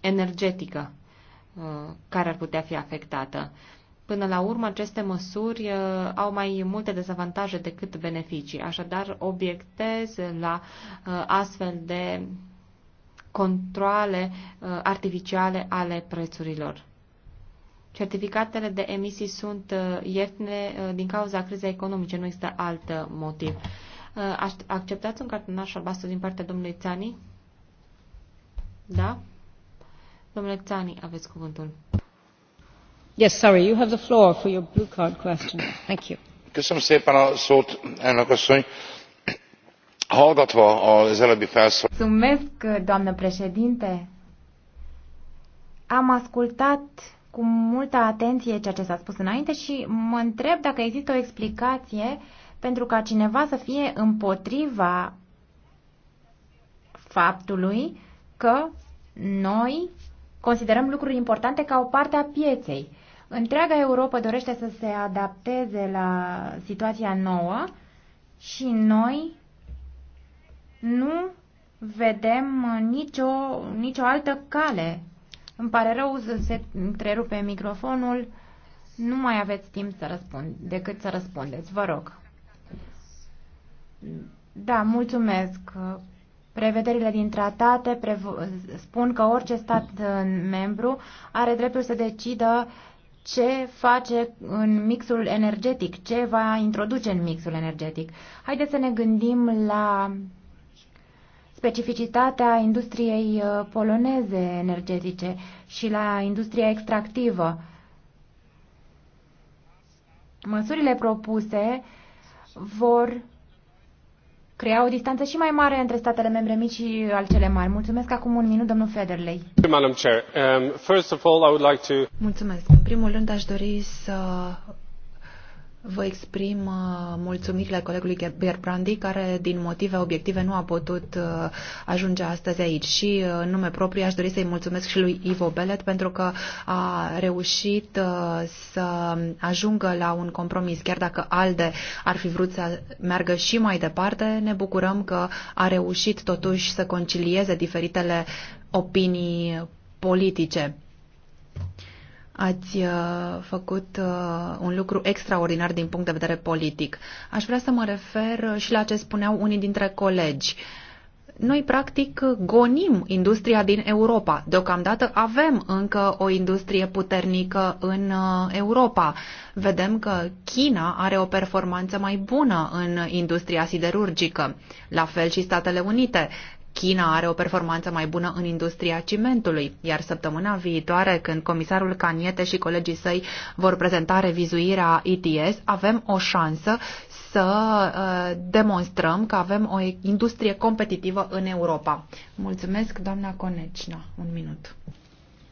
energetică care ar putea fi afectată. Până la urmă, aceste măsuri au mai multe dezavantaje decât beneficii, așadar obiectez la astfel de controle uh, artificiale ale prețurilor. Certificatele de emisii sunt uh, ieftine uh, din cauza crizei economice, nu există alt motiv. Acceptați un cartonaș albastru din partea domnului Țani? Da? Domnule Țani, aveți cuvântul. Yes, sorry, you have the floor for your blue card question. Thank you. Köszönöm szépen a szót, elnök asszony hallgatva az előbbi felszólalást. Mulțumesc, doamnă președinte. Am ascultat cu multă atenție ceea ce s-a spus înainte și mă întreb dacă există o explicație pentru ca cineva să fie împotriva faptului că noi considerăm lucruri importante ca o parte a pieței. Întreaga Europa dorește să se adapteze la situația nouă și noi nu vedem uh, nicio, nicio altă cale. Îmi pare rău să se întrerupe microfonul. Nu mai aveți timp să răspund, decât să răspundeți. Vă rog. Da, mulțumesc. Prevederile din tratate spun că orice stat uh, membru are dreptul să decidă ce face în mixul energetic, ce va introduce în mixul energetic. Haideți să ne gândim la specificitatea industriei uh, poloneze energetice și la industria extractivă. Măsurile propuse vor crea o distanță și mai mare între statele membre mici și al cele mari. Mulțumesc acum un minut, domnul Federley. Um, Mulțumesc. În primul rând aș dori să Vă exprim uh, mulțumirile colegului Brandi, care din motive obiective nu a putut uh, ajunge astăzi aici. Și uh, în nume propriu aș dori să-i mulțumesc și lui Ivo Belet pentru că a reușit să ajungă la un compromis. Chiar dacă ALDE ar fi vrut să meargă și mai departe, ne bucurăm că a reușit totuși să concilieze diferitele opinii politice Ați uh, făcut uh, un lucru extraordinar din punct de vedere politic. Aș vrea să mă refer uh, și la ce spuneau unii dintre colegi noi practic gonim industria din Europa. Deocamdată avem încă o industrie puternică în Europa. Vedem că China are o performanță mai bună în industria siderurgică, la fel și Statele Unite. China are o performanță mai bună în industria cimentului, iar săptămâna viitoare, când comisarul Caniete și colegii săi vor prezenta revizuirea ETS, avem o șansă să uh, demonstrăm că avem o industrie competitivă în Europa. Mulțumesc, doamna Conecina. Un minut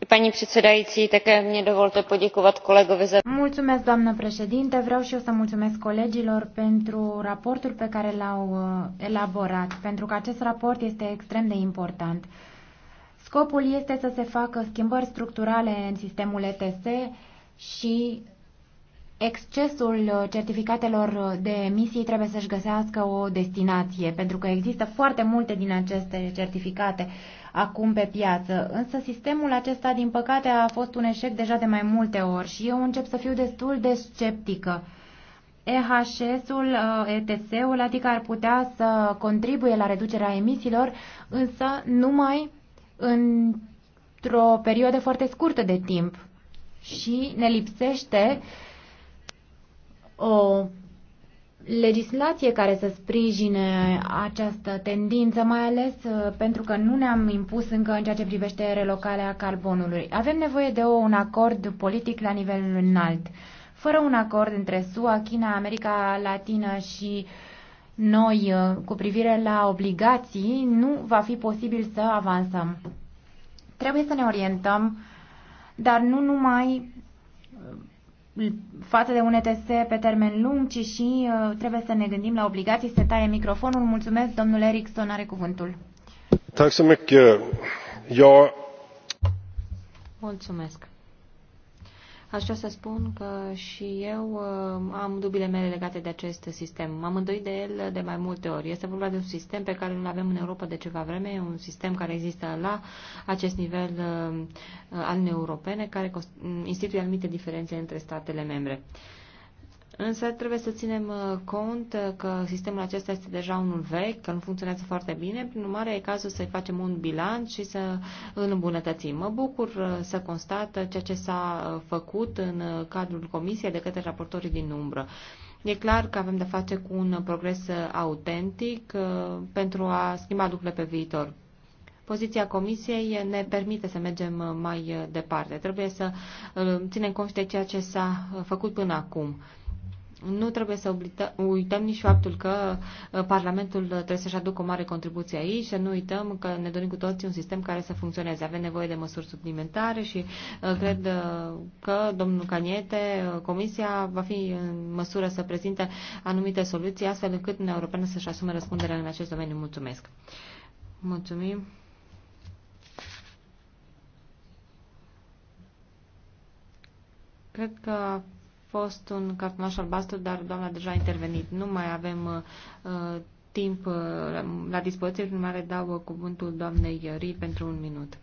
paní předsedající také mně dovolte poděkovat kolegovi za. Mulțumesc, doamnă președinte. Vreau și eu să mulțumesc colegilor pentru raportul pe care l-au uh, elaborat, pentru că acest raport este extrem de important. Scopul este să se facă schimbări structurale în sistemul ETS și excesul uh, certificatelor uh, de emisii trebuie să-și găsească o destinație, pentru că există foarte multe din aceste certificate acum pe piață. Însă sistemul acesta, din păcate, a fost un eșec deja de mai multe ori și eu încep să fiu destul de sceptică. EHS-ul, uh, ETS-ul, adică ar putea să contribuie la reducerea emisiilor, însă numai într-o perioadă foarte scurtă de timp. Și ne lipsește uh, o legislație care să sprijine această tendință, mai ales uh, pentru că nu ne-am impus încă în ceea ce privește relocarea carbonului. Avem nevoie de un acord politic la nivel înalt. Fără un acord între SUA, China, America Latină și noi uh, cu privire la obligații, nu va fi posibil să avansăm. Trebuie să ne orientăm, dar nu numai față de un ETS pe termen lung, ci și uh, trebuie să ne gândim la obligații. Se taie microfonul. Mulțumesc, domnul Erickson are cuvântul. Mulțumesc. Aș vrea să spun că și eu uh, am dubile mele legate de acest sistem. M-am îndoit de el de mai multe ori. Este vorba de un sistem pe care îl avem în Europa de ceva vreme, un sistem care există la acest nivel uh, al Uniunii Europene, care instituie anumite diferențe între statele membre. Însă trebuie să ținem uh, cont uh, că sistemul acesta este deja unul vechi, că nu funcționează foarte bine, prin urmare e cazul să-i facem un bilanț și să îl îmbunătățim. Mă bucur uh, să constat ceea ce s-a făcut în cadrul comisiei de către raportorii din umbră. E clar că avem de face cu un progres autentic pentru a schimba lucrurile pe viitor. Poziția Comisiei ne permite să mergem mai departe. Trebuie să ținem cont de ceea ce s-a făcut până acum. Nu trebuie să uităm nici faptul că uh, Parlamentul trebuie să-și aducă o mare contribuție aici, să nu uităm că ne dorim cu toții un sistem care să funcționeze. Avem nevoie de măsuri suplimentare și uh, cred uh, că domnul Caniete, Comisia, va fi în măsură să prezinte anumite soluții astfel încât Uniunea Europeană să-și asume răspunderea în acest domeniu. Mulțumesc! Mulțumim! Cred că fost un cartonaș albastru, dar doamna deja a intervenit. Nu mai avem uh, timp uh, la dispoziție, prin mare dau uh, cuvântul doamnei Ri pentru un minut.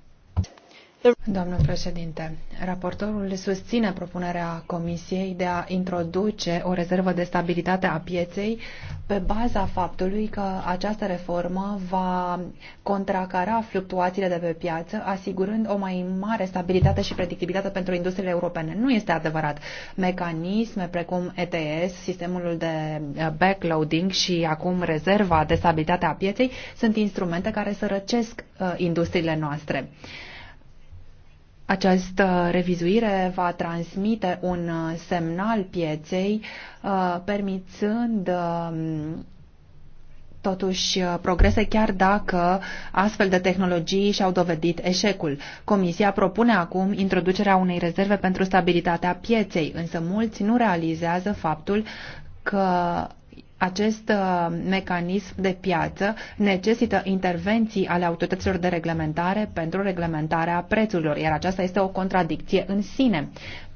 Doamnă președinte, raportorul susține propunerea Comisiei de a introduce o rezervă de stabilitate a pieței pe baza faptului că această reformă va contracara fluctuațiile de pe piață, asigurând o mai mare stabilitate și predictibilitate pentru industriile europene. Nu este adevărat. Mecanisme precum ETS, sistemul de uh, backloading și acum rezerva de stabilitate a pieței sunt instrumente care să uh, industriile noastre. Această revizuire va transmite un uh, semnal pieței, uh, permițând um, totuși uh, progrese chiar dacă astfel de tehnologii și-au dovedit eșecul. Comisia propune acum introducerea unei rezerve pentru stabilitatea pieței, însă mulți nu realizează faptul că acest uh, mecanism de piață necesită intervenții ale autorităților de reglementare pentru reglementarea prețurilor, iar aceasta este o contradicție în sine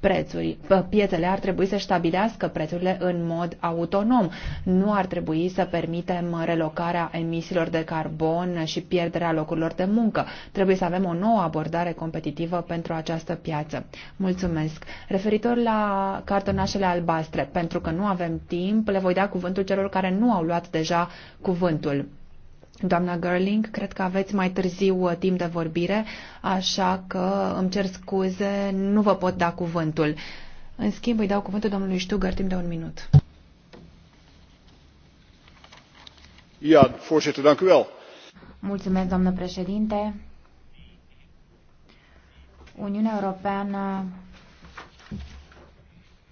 prețuri. Piețele ar trebui să stabilească prețurile în mod autonom. Nu ar trebui să permitem relocarea emisiilor de carbon și pierderea locurilor de muncă. Trebuie să avem o nouă abordare competitivă pentru această piață. Mulțumesc. Referitor la cartonașele albastre, pentru că nu avem timp, le voi da cuvântul celor care nu au luat deja cuvântul. Doamna Gerling, cred că aveți mai târziu uh, timp de vorbire, așa că îmi cer scuze, nu vă pot da cuvântul. În schimb, îi dau cuvântul domnului Stugăr timp de un minut. Ja, voorzitter, dank u wel. Mulțumesc, doamnă președinte. Uniunea Europeană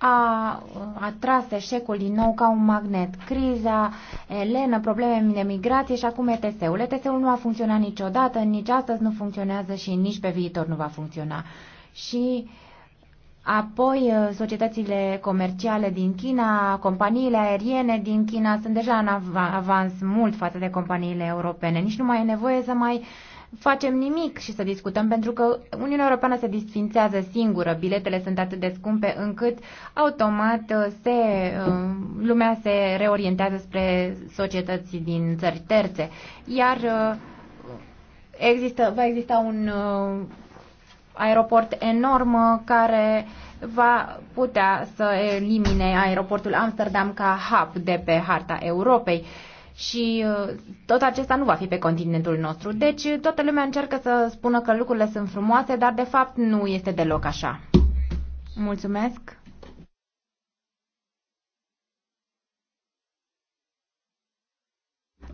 a atras eșecul din nou ca un magnet. Criza, Elena, probleme de migrație și acum ETS-ul. ETS-ul nu a funcționat niciodată, nici astăzi nu funcționează și nici pe viitor nu va funcționa. Și apoi uh, societățile comerciale din China, companiile aeriene din China sunt deja în avans mult față de companiile europene. Nici nu mai e nevoie să mai uh, facem nimic și să discutăm, pentru că Uniunea Europeană se disfințează singură, biletele sunt atât de scumpe încât automat uh, se, uh, lumea se reorientează spre societății din țări terțe. Iar uh, există, va exista un aeroport enorm care va putea să elimine aeroportul Amsterdam ca hub de pe harta Europei și uh, tot acesta nu va fi pe continentul nostru. Deci uh, toată lumea încearcă să spună că lucrurile sunt frumoase, dar de fapt nu este deloc așa. Mulțumesc!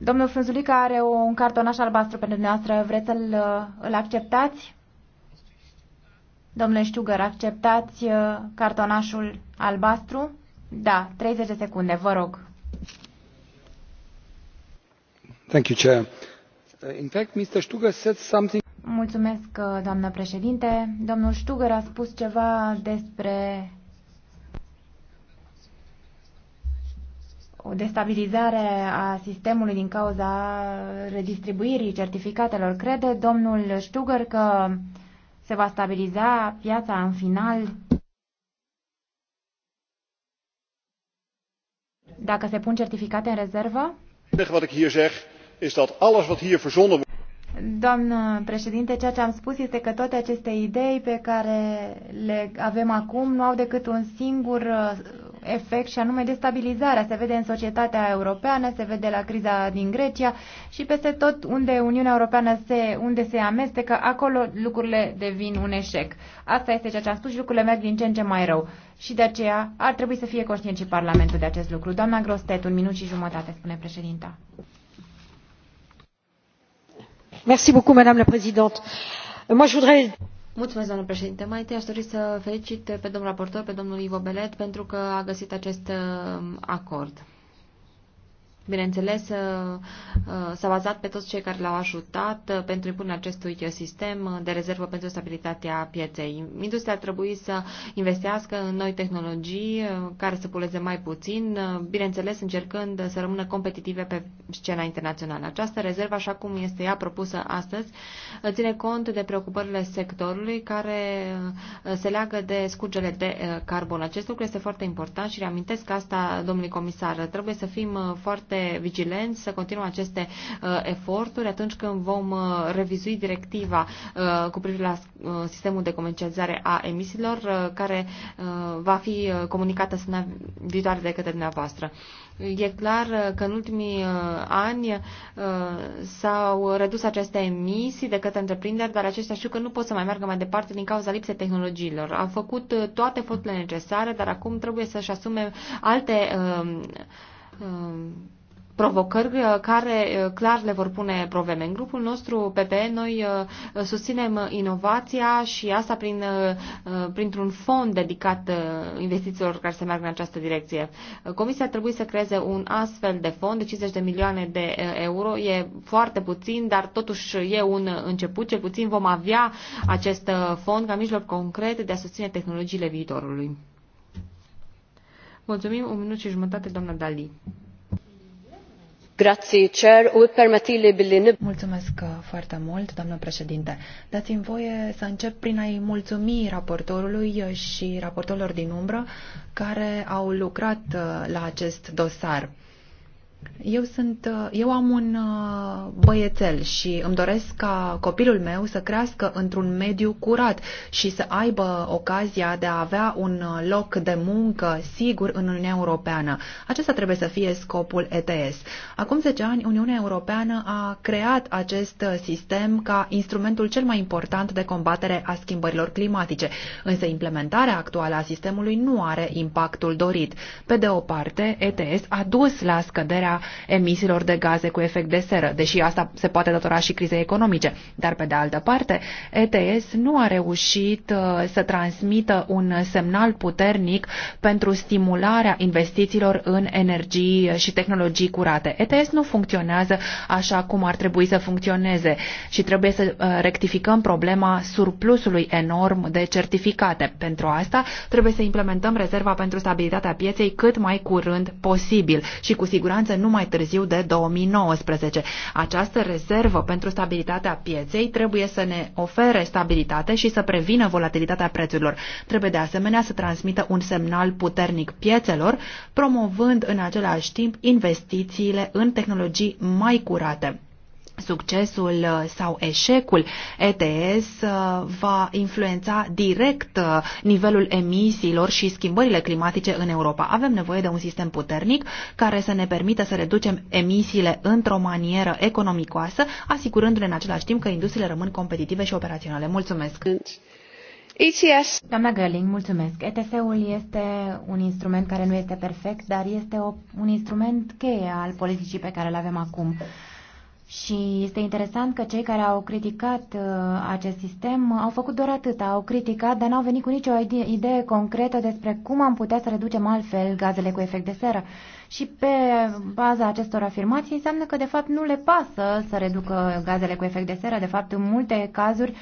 Domnul Frunzulica are un cartonaș albastru pentru dumneavoastră. Vreți să-l uh, îl acceptați? Domnule Știugăr, acceptați cartonașul albastru? Da, 30 de secunde, vă rog. Mulțumesc, uh, doamnă președinte. Domnul stuger a spus ceva despre o destabilizare a sistemului din cauza redistribuirii certificatelor. Crede domnul Stuger că se va stabiliza piața în final dacă se pun certificate în rezervă? Wat ik hier zeg, is dat alles wat hier verzonnen wordt. Doamnă președinte, ceea ce am spus este că toate aceste idei pe care le avem acum nu au decât un singur uh, efect și anume destabilizarea. Se vede în societatea europeană, se vede la criza din Grecia și peste tot unde Uniunea Europeană se, unde se amestecă, acolo lucrurile devin un eșec. Asta este ceea ce am spus și lucrurile merg din ce în ce mai rău. Și de aceea ar trebui să fie conștient și Parlamentul de acest lucru. Doamna Grostet, un minut și jumătate, spune președinta doamnă președintă Mulțumesc, doamnă președinte. Mai întâi aș dori să felicit pe domnul raportor, pe domnul Ivo Belet, pentru că a găsit acest uh, acord. Bineînțeles, uh, uh, s-a bazat pe toți cei care l-au ajutat uh, pentru impunerea acestui sistem de rezervă pentru stabilitatea pieței. Industria ar trebui să investească în noi tehnologii care să puleze mai puțin, bineînțeles încercând să rămână competitive pe scena internațională. Această rezervă, așa cum este ea propusă astăzi, ține cont de preocupările sectorului care se leagă de scurgele de carbon. Acest lucru este foarte important și reamintesc asta, domnului comisar. Trebuie să fim foarte vigilenți, să continuăm aceste uh, eforturi atunci când vom uh, revizui directiva uh, cu privire la uh, sistemul de comercializare a emisiilor, uh, care uh, va fi uh, comunicată săptămâna viitoare de către dumneavoastră. E clar uh, că în ultimii uh, ani s-au redus aceste emisii de către întreprinderi, dar aceștia știu că nu pot să mai meargă mai departe din cauza lipsei tehnologiilor. Au făcut toate eforturile necesare, dar acum trebuie să-și asume alte provocări uh, care uh, clar le vor pune probleme. În grupul nostru PPE noi uh, susținem inovația și asta prin, printr-un fond dedicat investițiilor care se merg în această direcție. Comisia trebuie să creeze un astfel de fond de 50 de milioane de euro. E foarte puțin, dar totuși e un început. Cel puțin vom avea acest fond ca mijloc concret de a susține tehnologiile viitorului. Mulțumim, un minut și jumătate, doamna Dali. Mulțumesc uh, foarte mult, doamnă președinte. Dați-mi voie să încep prin a-i mulțumi raportorului uh, și raportorilor din umbră care au lucrat uh, la acest dosar. Eu sunt, eu am un uh, băiețel și îmi doresc ca copilul meu să crească într-un mediu curat și să aibă ocazia de a avea un uh, loc de muncă sigur în Uniunea Europeană. Acesta trebuie să fie scopul ETS. Acum 10 ani, Uniunea Europeană a creat acest uh, sistem ca instrumentul cel mai important de combatere a schimbărilor climatice, însă implementarea actuală a sistemului nu are impactul dorit. Pe de o parte, ETS a dus la scăderea creșterea emisiilor de gaze cu efect de seră, deși asta se poate datora și crizei economice. Dar, pe de altă parte, ETS nu a reușit uh, să transmită un semnal puternic pentru stimularea investițiilor în energii și tehnologii curate. ETS nu funcționează așa cum ar trebui să funcționeze și trebuie să uh, rectificăm problema surplusului enorm de certificate. Pentru asta trebuie să implementăm rezerva pentru stabilitatea pieței cât mai curând posibil și cu siguranță nu mai târziu de 2019. Această rezervă pentru stabilitatea pieței trebuie să ne ofere stabilitate și să prevină volatilitatea prețurilor. Trebuie de asemenea să transmită un semnal puternic piețelor, promovând în același timp investițiile în tehnologii mai curate succesul uh, sau eșecul ETS uh, va influența direct uh, nivelul emisiilor și schimbările climatice în Europa. Avem nevoie de un sistem puternic care să ne permită să reducem emisiile într-o manieră economicoasă, asigurându-ne în același timp că industriile rămân competitive și operaționale. Mulțumesc! ETS. Doamna Găling, mulțumesc. ETS-ul este un instrument care nu este perfect, dar este o, un instrument cheie al politicii pe care îl avem acum. Și este interesant că cei care au criticat uh, acest sistem au făcut doar atât, au criticat, dar n-au venit cu nicio idee, idee concretă despre cum am putea să reducem altfel gazele cu efect de seră. Și pe baza acestor afirmații înseamnă că de fapt nu le pasă să reducă gazele cu efect de seră. De fapt, în multe cazuri uh,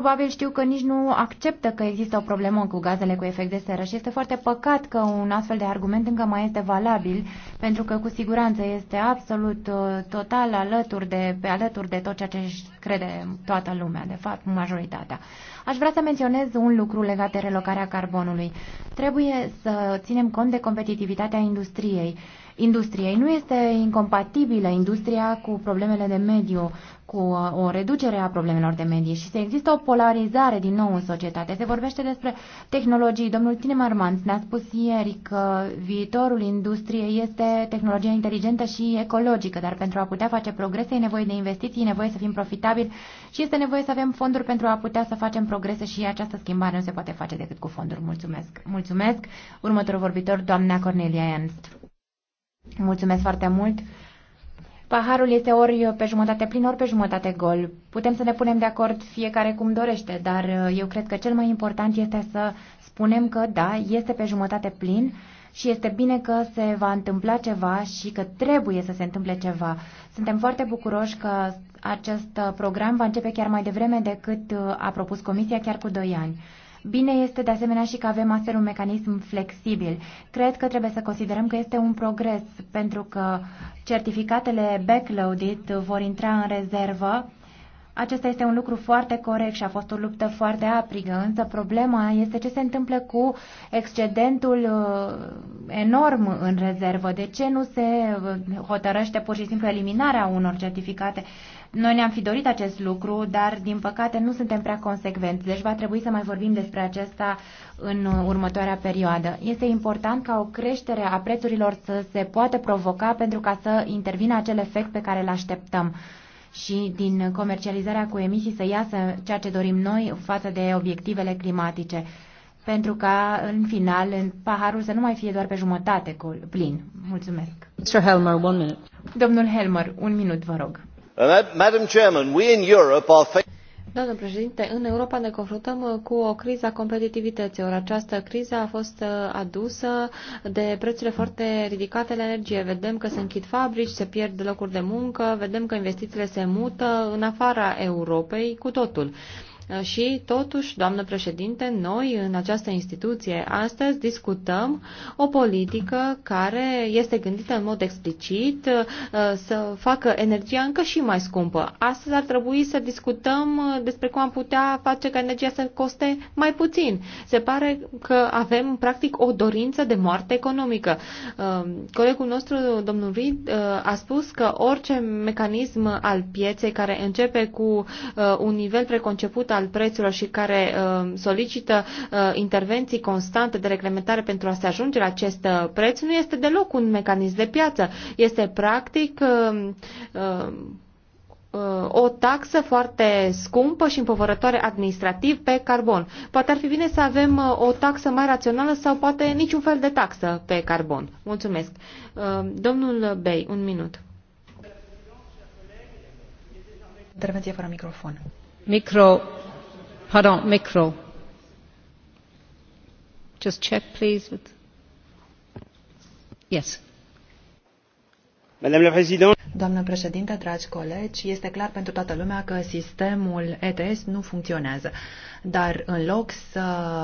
probabil știu că nici nu acceptă că există o problemă cu gazele cu efect de seră și este foarte păcat că un astfel de argument încă mai este valabil, pentru că cu siguranță este absolut uh, total alături de, pe alături de tot ceea ce crede toată lumea, de fapt majoritatea. Aș vrea să menționez un lucru legat de relocarea carbonului. Trebuie să ținem cont de competitivitatea industriei industriei. Nu este incompatibilă industria cu problemele de mediu, cu uh, o reducere a problemelor de mediu și se există o polarizare din nou în societate. Se vorbește despre tehnologii. Domnul Tinemarman ne-a spus ieri că viitorul industriei este tehnologia inteligentă și ecologică, dar pentru a putea face progrese e nevoie de investiții, e nevoie să fim profitabili și este nevoie să avem fonduri pentru a putea să facem progrese și această schimbare nu se poate face decât cu fonduri. Mulțumesc! Mulțumesc! Următorul vorbitor, doamna Cornelia Ernst. Mulțumesc foarte mult. Paharul este ori pe jumătate plin, ori pe jumătate gol. Putem să ne punem de acord fiecare cum dorește, dar uh, eu cred că cel mai important este să spunem că da, este pe jumătate plin și este bine că se va întâmpla ceva și că trebuie să se întâmple ceva. Suntem foarte bucuroși că acest uh, program va începe chiar mai devreme decât uh, a propus Comisia, chiar cu 2 ani. Bine este de asemenea și că avem astfel un mecanism flexibil. Cred că trebuie să considerăm că este un progres pentru că certificatele backloaded vor intra în rezervă acesta este un lucru foarte corect și a fost o luptă foarte aprigă, însă problema este ce se întâmplă cu excedentul uh, enorm în rezervă. De ce nu se uh, hotărăște pur și simplu eliminarea unor certificate noi ne-am fi dorit acest lucru, dar din păcate nu suntem prea consecvenți, deci va trebui să mai vorbim despre acesta în următoarea perioadă. Este important ca o creștere a prețurilor să se poată provoca pentru ca să intervină acel efect pe care îl așteptăm și din comercializarea cu emisii să iasă ceea ce dorim noi față de obiectivele climatice pentru ca, în final, în paharul să nu mai fie doar pe jumătate plin. Mulțumesc. Mr. Helmer, one minute. Domnul Helmer, un minut, vă rog. Uh, Doamnă președinte, în Europa ne confruntăm uh, cu o criză a competitivității, iar această criză a fost uh, adusă de prețurile foarte ridicate ale energiei. Vedem că se închid fabrici, se pierd locuri de muncă, vedem că investițiile se mută în afara Europei cu totul. Și totuși, doamnă președinte, noi în această instituție astăzi discutăm o politică care este gândită în mod explicit uh, să facă energia încă și mai scumpă. Astăzi ar trebui să discutăm uh, despre cum am putea face ca energia să coste mai puțin. Se pare că avem practic o dorință de moarte economică. Uh, colegul nostru, domnul Rid a spus că orice mecanism al pieței care începe cu un nivel preconceput al prețurilor și care uh, solicită uh, intervenții constante de reglementare pentru a se ajunge la acest uh, preț nu este deloc un mecanism de piață. Este practic o taxă foarte scumpă și împovărătoare administrativ pe carbon. Poate ar fi bine să avem o taxă mai rațională sau poate niciun fel de taxă pe carbon. Mulțumesc. Domnul Bey, un minut. Intervenție fără microfon. Micro, pardon, micro. Just check, please. With yes. Doamnă președinte, dragi colegi, este clar pentru toată lumea că sistemul ETS nu funcționează. Dar în loc să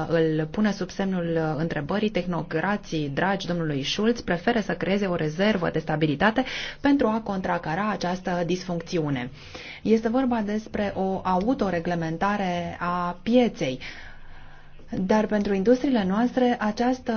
îl pune sub semnul întrebării, tehnocrații dragi domnului Schulz preferă să creeze o rezervă de stabilitate pentru a contracara această disfuncțiune. Este vorba despre o autoreglementare a pieței dar pentru industriile noastre această,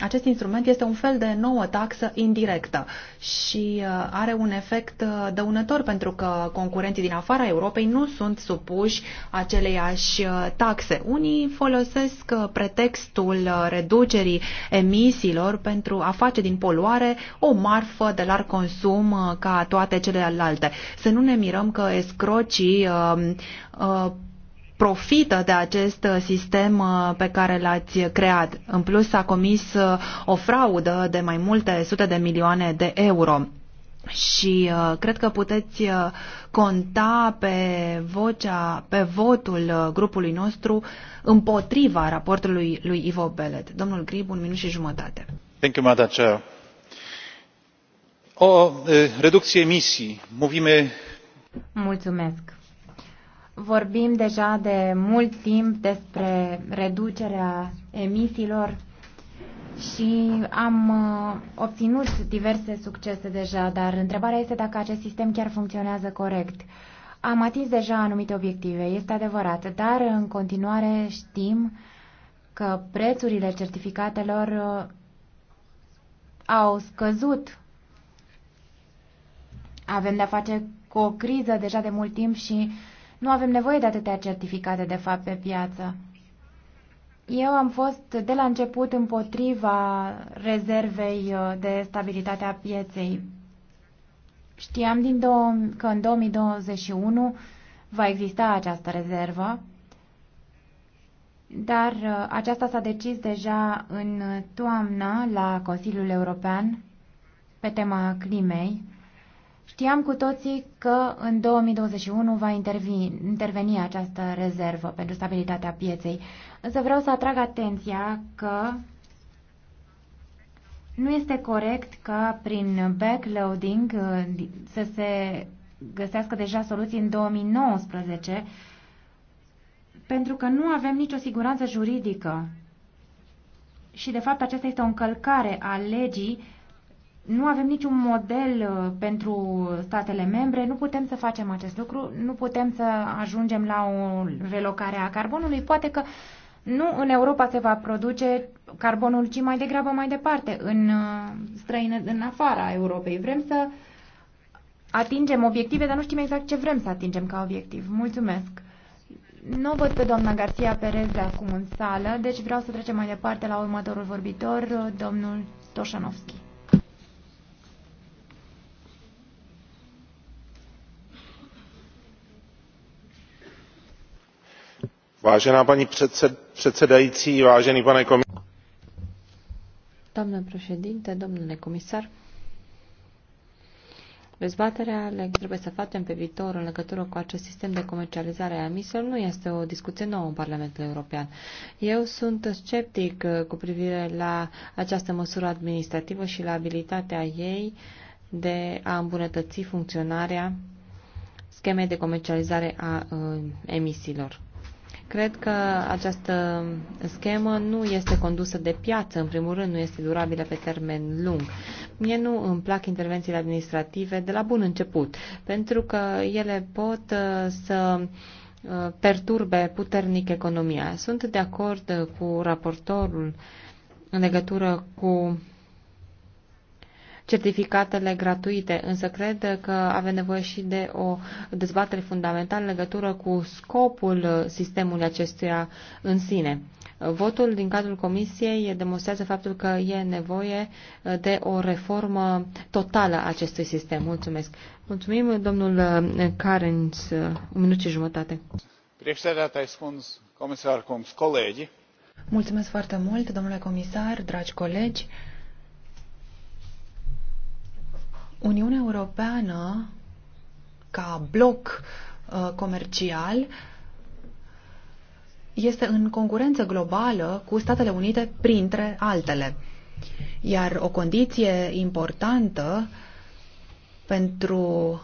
acest instrument este un fel de nouă taxă indirectă și uh, are un efect uh, dăunător pentru că concurenții din afara Europei nu sunt supuși aceleiași uh, taxe. Unii folosesc pretextul reducerii emisiilor pentru a face din poluare o marfă de larg consum ca toate celelalte. Să nu ne mirăm că escrocii uh, uh, profită de acest uh, sistem uh, pe care l-ați creat. În plus, a comis uh, o fraudă de mai multe sute de milioane de euro. Și uh, cred că puteți uh, conta pe vocea, pe votul uh, grupului nostru împotriva raportului lui Ivo Belet. Domnul Grib, un minut și jumătate. Thank you, Madam Chair. O uh, reducție emisii. Movime... Mulțumesc. Vorbim deja de mult timp despre reducerea emisiilor și am uh, obținut diverse succese deja, dar întrebarea este dacă acest sistem chiar funcționează corect. Am atins deja anumite obiective, este adevărat, dar în continuare știm că prețurile certificatelor uh, au scăzut. Avem de-a face cu o criză deja de mult timp și uh, nu avem nevoie de atâtea certificate, de fapt, pe piață. Eu am fost de la început împotriva rezervei uh, de stabilitate a pieței. Știam din dou- că în 2021 va exista această rezervă, dar uh, aceasta s-a decis deja în toamnă la Consiliul European pe tema climei Știam cu toții că în 2021 va interveni, interveni această rezervă pentru stabilitatea pieței, însă vreau să atrag atenția că nu este corect ca prin backloading uh, să se găsească deja soluții în 2019, pentru că nu avem nicio siguranță juridică. Și, de fapt, aceasta este o încălcare a legii nu avem niciun model uh, pentru statele membre, nu putem să facem acest lucru, nu putem să ajungem la o relocare a carbonului. Poate că nu în Europa se va produce carbonul, ci mai degrabă mai departe, în uh, străină, în afara Europei. Vrem să atingem obiective, dar nu știm exact ce vrem să atingem ca obiectiv. Mulțumesc! Nu văd pe doamna Garcia Perez de acum în sală, deci vreau să trecem mai departe la următorul vorbitor, uh, domnul Toșanovski. paní předsedající vážený pane komisaři comisar dezbaterea care trebuie să facem pe viitor în legătură cu acest sistem de comercializare a emisiilor nu este o discuție nouă în Parlamentul European. Eu sunt sceptic uh, cu privire la această măsură administrativă și la abilitatea ei de a îmbunătăți funcționarea schemei de comercializare a uh, emisiilor. Cred că această schemă nu este condusă de piață, în primul rând, nu este durabilă pe termen lung. Mie nu îmi plac intervențiile administrative de la bun început, pentru că ele pot uh, să uh, perturbe puternic economia. Sunt de acord cu raportorul în legătură cu certificatele gratuite, însă cred că avem nevoie și de o dezbatere fundamentală în legătură cu scopul sistemului acestuia în sine. Votul din cadrul Comisiei demonstrează faptul că e nevoie de o reformă totală a acestui sistem. Mulțumesc. Mulțumim, domnul Carens, un minut și jumătate. Mulțumesc foarte mult, domnule comisar, dragi colegi. Uniunea Europeană, ca bloc uh, comercial, este în concurență globală cu Statele Unite, printre altele. Iar o condiție importantă pentru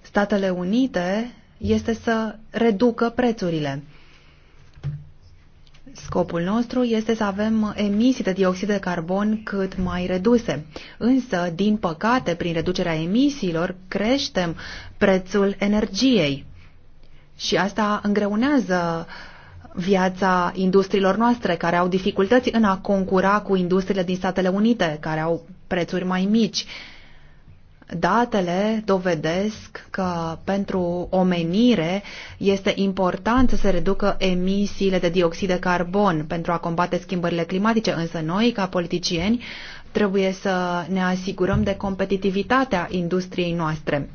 Statele Unite este să reducă prețurile. Scopul nostru este să avem emisii de dioxid de carbon cât mai reduse. Însă, din păcate, prin reducerea emisiilor, creștem prețul energiei. Și asta îngreunează viața industriilor noastre, care au dificultăți în a concura cu industriile din Statele Unite, care au prețuri mai mici. Datele dovedesc că pentru omenire este important să se reducă emisiile de dioxid de carbon pentru a combate schimbările climatice, însă noi, ca politicieni, trebuie să ne asigurăm de competitivitatea industriei noastre.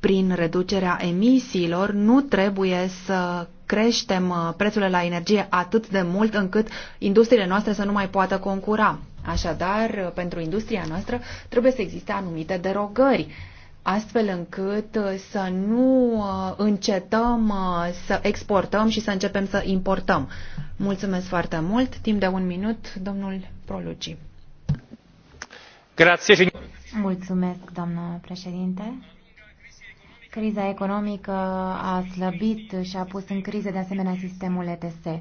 Prin reducerea emisiilor nu trebuie să creștem prețurile la energie atât de mult încât industriile noastre să nu mai poată concura. Așadar, pentru industria noastră trebuie să existe anumite derogări astfel încât uh, să nu uh, încetăm uh, să exportăm și să începem să importăm. Mulțumesc foarte mult. Timp de un minut, domnul Proluci. Grazie. Mulțumesc, doamnă președinte. Criza economică a slăbit și a pus în criză de asemenea sistemul ETS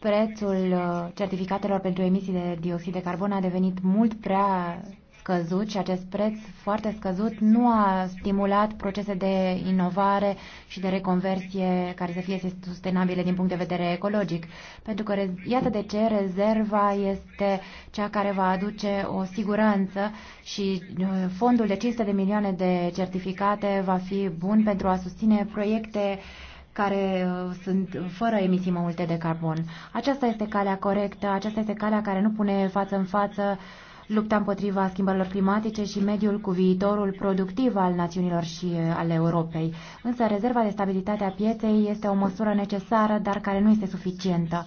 prețul uh, certificatelor pentru emisii de dioxid de carbon a devenit mult prea scăzut și acest preț foarte scăzut nu a stimulat procese de inovare și de reconversie care să fie sustenabile din punct de vedere ecologic. Pentru că iată de ce rezerva este cea care va aduce o siguranță și uh, fondul de 500 de milioane de certificate va fi bun pentru a susține proiecte uh, care uh, sunt fără emisii mai multe de carbon. Aceasta este calea corectă, aceasta este calea care nu pune față în față lupta împotriva schimbărilor climatice și mediul cu viitorul productiv al națiunilor și uh, al Europei. Însă rezerva de stabilitate a pieței este o măsură necesară, dar care nu este suficientă.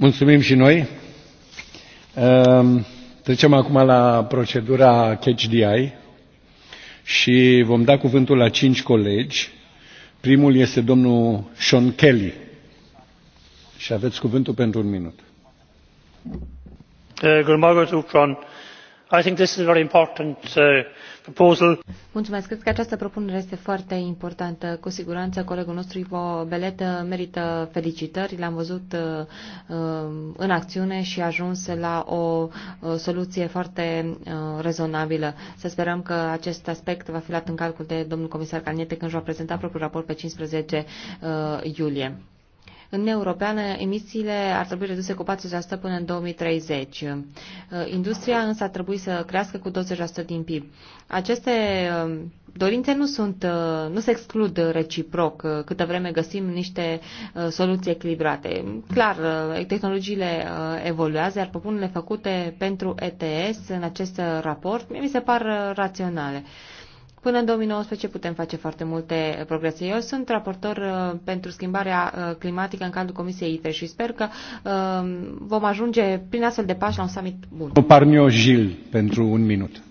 Mulțumim și noi. Ehm, trecem acum la procedura Catch the Eye și vom da cuvântul la cinci colegi. Primul este domnul Sean Kelly. Și aveți cuvântul pentru un minut. Uh, Uh, Cred că această propunere este foarte importantă. Cu siguranță colegul nostru Ivo Belet merită felicitări. L-am văzut uh, uh, în acțiune și a ajuns la o soluție foarte rezonabilă. Să sperăm că acest aspect va fi luat în calcul de domnul comisar caete când își va prezenta propriul raport pe 15 iulie. Uniunea Europeană emisiile ar trebui reduse cu 40% până în 2030. Uh, industria însă ar trebui să crească cu 20% din PIB. Aceste uh, dorințe nu, sunt, uh, nu se exclud reciproc câtă vreme găsim niște soluții echilibrate. Clar, tehnologiile evoluează, iar propunerile făcute pentru ETS în acest raport mi se par raționale. Până în 2019 putem face foarte multe progrese. Eu sunt raportor uh, pentru schimbarea uh, climatică în cadrul Comisiei ITRE și sper că uh, vom ajunge prin astfel de pași la un summit bun. Parnio Gil pentru un minut.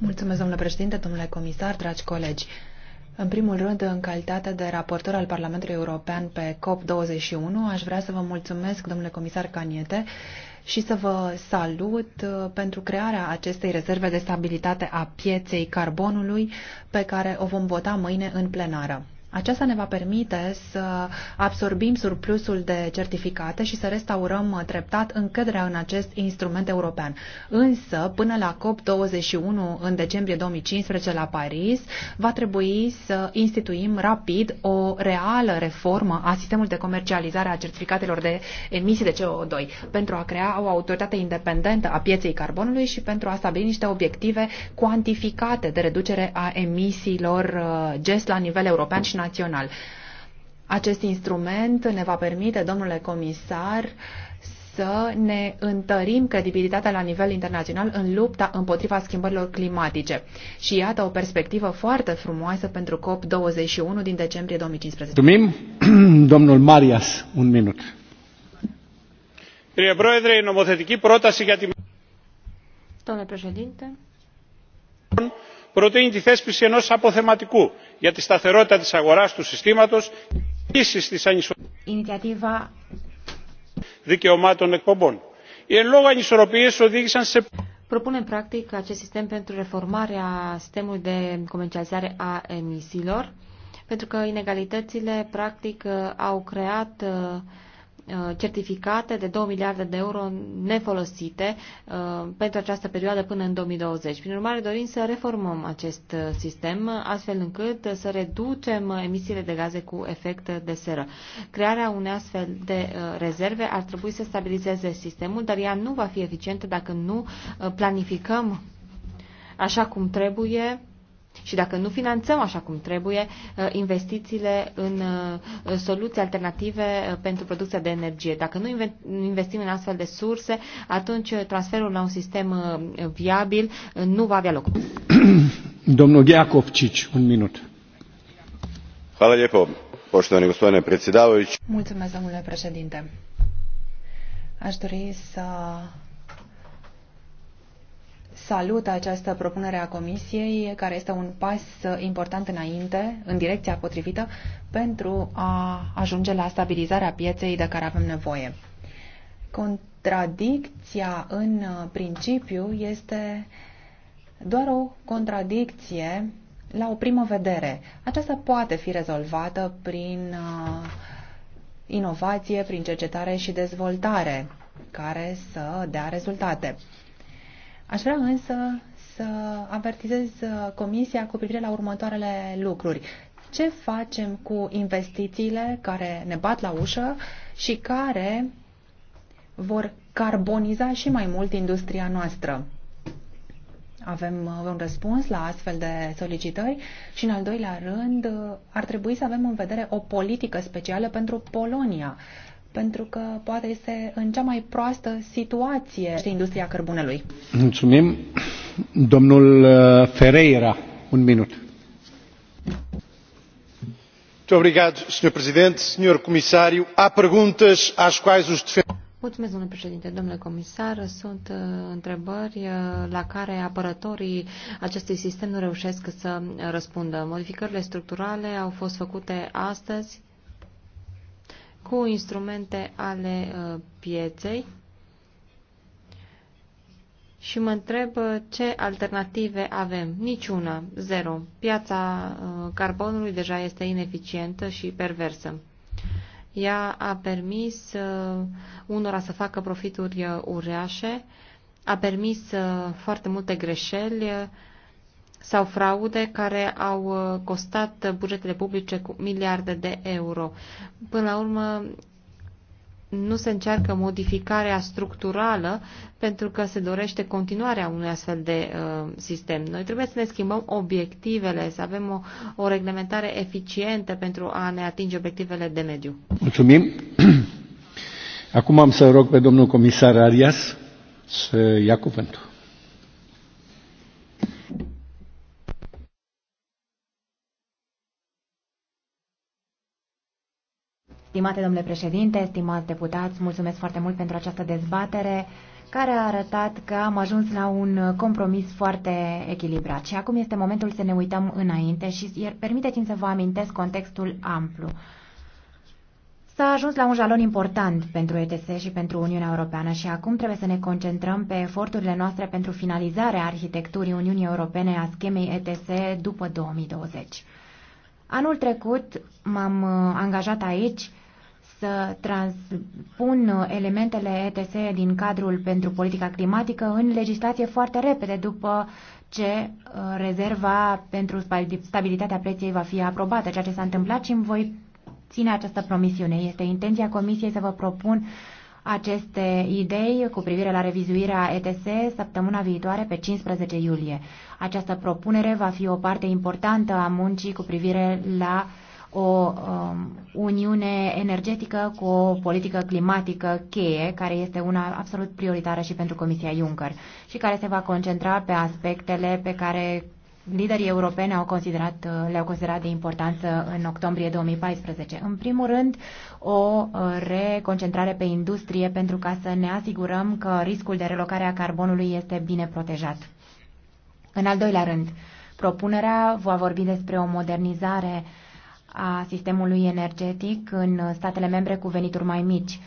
Mulțumesc, domnule președinte, domnule comisar, dragi colegi. În primul rând, în calitate de raportor al Parlamentului European pe COP21, aș vrea să vă mulțumesc, domnule comisar Caniete, și să vă salut uh, pentru crearea acestei rezerve de stabilitate a pieței carbonului pe care o vom vota mâine în plenară. Aceasta ne va permite să absorbim surplusul de certificate și să restaurăm uh, treptat încrederea în acest instrument european. Însă, până la COP21 în decembrie 2015 la Paris, va trebui să instituim rapid o reală reformă a sistemului de comercializare a certificatelor de emisii de CO2 pentru a crea o autoritate independentă a pieței carbonului și pentru a stabili niște obiective cuantificate de reducere a emisiilor uh, GES la nivel european și național. Acest instrument ne va permite, domnule comisar, să ne întărim credibilitatea la nivel internațional în lupta împotriva schimbărilor climatice. Și iată o perspectivă foarte frumoasă pentru COP21 din decembrie 2015. Mulțumim. Domnul Marias, un minut. Domnule președinte, προτείνει τη θέσπιση ενός αποθεματικού για τη σταθερότητα της αγοράς του συστήματος και λύσεις της ανισορροπίας δικαιωμάτων εκπομπών. Οι εν λόγω ανισορροπίες οδήγησαν σε propune în practic acest sistem pentru reformarea sistemului de comercializare a emisiilor, pentru că inegalitățile practic au creat uh, Uh, certificate de 2 miliarde de euro nefolosite uh, pentru această perioadă până în 2020. Prin urmare, dorim să reformăm acest uh, sistem astfel încât să reducem emisiile de gaze cu efect de seră. Crearea unei astfel de rezerve ar trebui să stabilizeze sistemul, dar ea nu va fi eficientă dacă nu planificăm așa cum trebuie și dacă nu finanțăm așa cum trebuie uh, investițiile în uh, soluții alternative uh, pentru producția de energie, dacă nu investim în astfel de surse, atunci transferul la un sistem viabil nu va avea loc. Domnul Gheacovcici, un minut. Hvala lijepo, poštovani gospodine predsjedavajući. Mulțumesc, domnule președinte. Aș dori să salut această propunere a Comisiei, care este un pas important înainte, în direcția potrivită, pentru a ajunge la stabilizarea pieței de care avem nevoie. Contradicția în principiu este doar o contradicție la o primă vedere. Aceasta poate fi rezolvată prin uh, inovație, prin cercetare și dezvoltare care să dea rezultate. Aș vrea însă să avertizez uh, Comisia cu privire la următoarele lucruri. Ce facem cu investițiile care ne bat la ușă și care vor carboniza și mai mult industria noastră? avem uh, un răspuns la astfel de solicitări și, în al doilea rând, uh, ar trebui să avem în vedere o politică specială pentru Polonia, pentru că poate este în cea mai proastă situație industria cărbunelui. Mulțumim. Domnul uh, Ferreira, un minut. Mulțumesc, domnule președinte domnule comisar sunt uh, întrebări uh, la care apărătorii acestui sistem nu reușesc să răspundă. modificările structurale au fost făcute astăzi cu instrumente ale uh, pieței și mă întreb uh, ce alternative avem. Niciuna, zero. Piața uh, carbonului deja este ineficientă și perversă. Ea a permis unora să facă profituri uriașe, a permis foarte multe greșeli, sau fraude care au uh, costat bugetele publice cu miliarde de euro. Până la urmă, nu se încearcă modificarea structurală pentru că se dorește continuarea unui astfel de uh, sistem. Noi trebuie să ne schimbăm obiectivele, să avem o, o reglementare eficientă pentru a ne atinge obiectivele de mediu. Mulțumim. Acum am să rog pe domnul comisar Arias să ia cuvântul. Stimate domnule președinte, stimați deputați, mulțumesc foarte mult pentru această dezbatere care a arătat că am ajuns la un compromis foarte echilibrat. Și acum este momentul să ne uităm înainte și permiteți-mi să vă amintesc contextul amplu. S-a ajuns la un jalon important pentru ETS și pentru Uniunea Europeană și acum trebuie să ne concentrăm pe eforturile noastre pentru finalizarea arhitecturii Uniunii Europene a schemei ETS după 2020. Anul trecut m-am uh, angajat aici să transpun elementele ETS din cadrul pentru politica climatică în legislație foarte repede după ce uh, rezerva pentru stabilitatea preției va fi aprobată, ceea ce s-a întâmplat și îmi voi ține această promisiune. Este intenția Comisiei să vă propun aceste idei cu privire la revizuirea ETS săptămâna viitoare pe 15 iulie. Această propunere va fi o parte importantă a muncii cu privire la uh, o um, uniune energetică cu o politică climatică cheie, care este una absolut prioritară și pentru Comisia Juncker și care se va concentra pe aspectele pe care liderii europeni au considerat, uh, le-au considerat de importanță în octombrie 2014. În primul rând, o uh, reconcentrare pe industrie pentru ca să ne asigurăm că riscul de relocare a carbonului este bine protejat. În al doilea rând, propunerea va vorbi despre o modernizare uh, a sistemului energetic în statele membre cu venituri mai mici.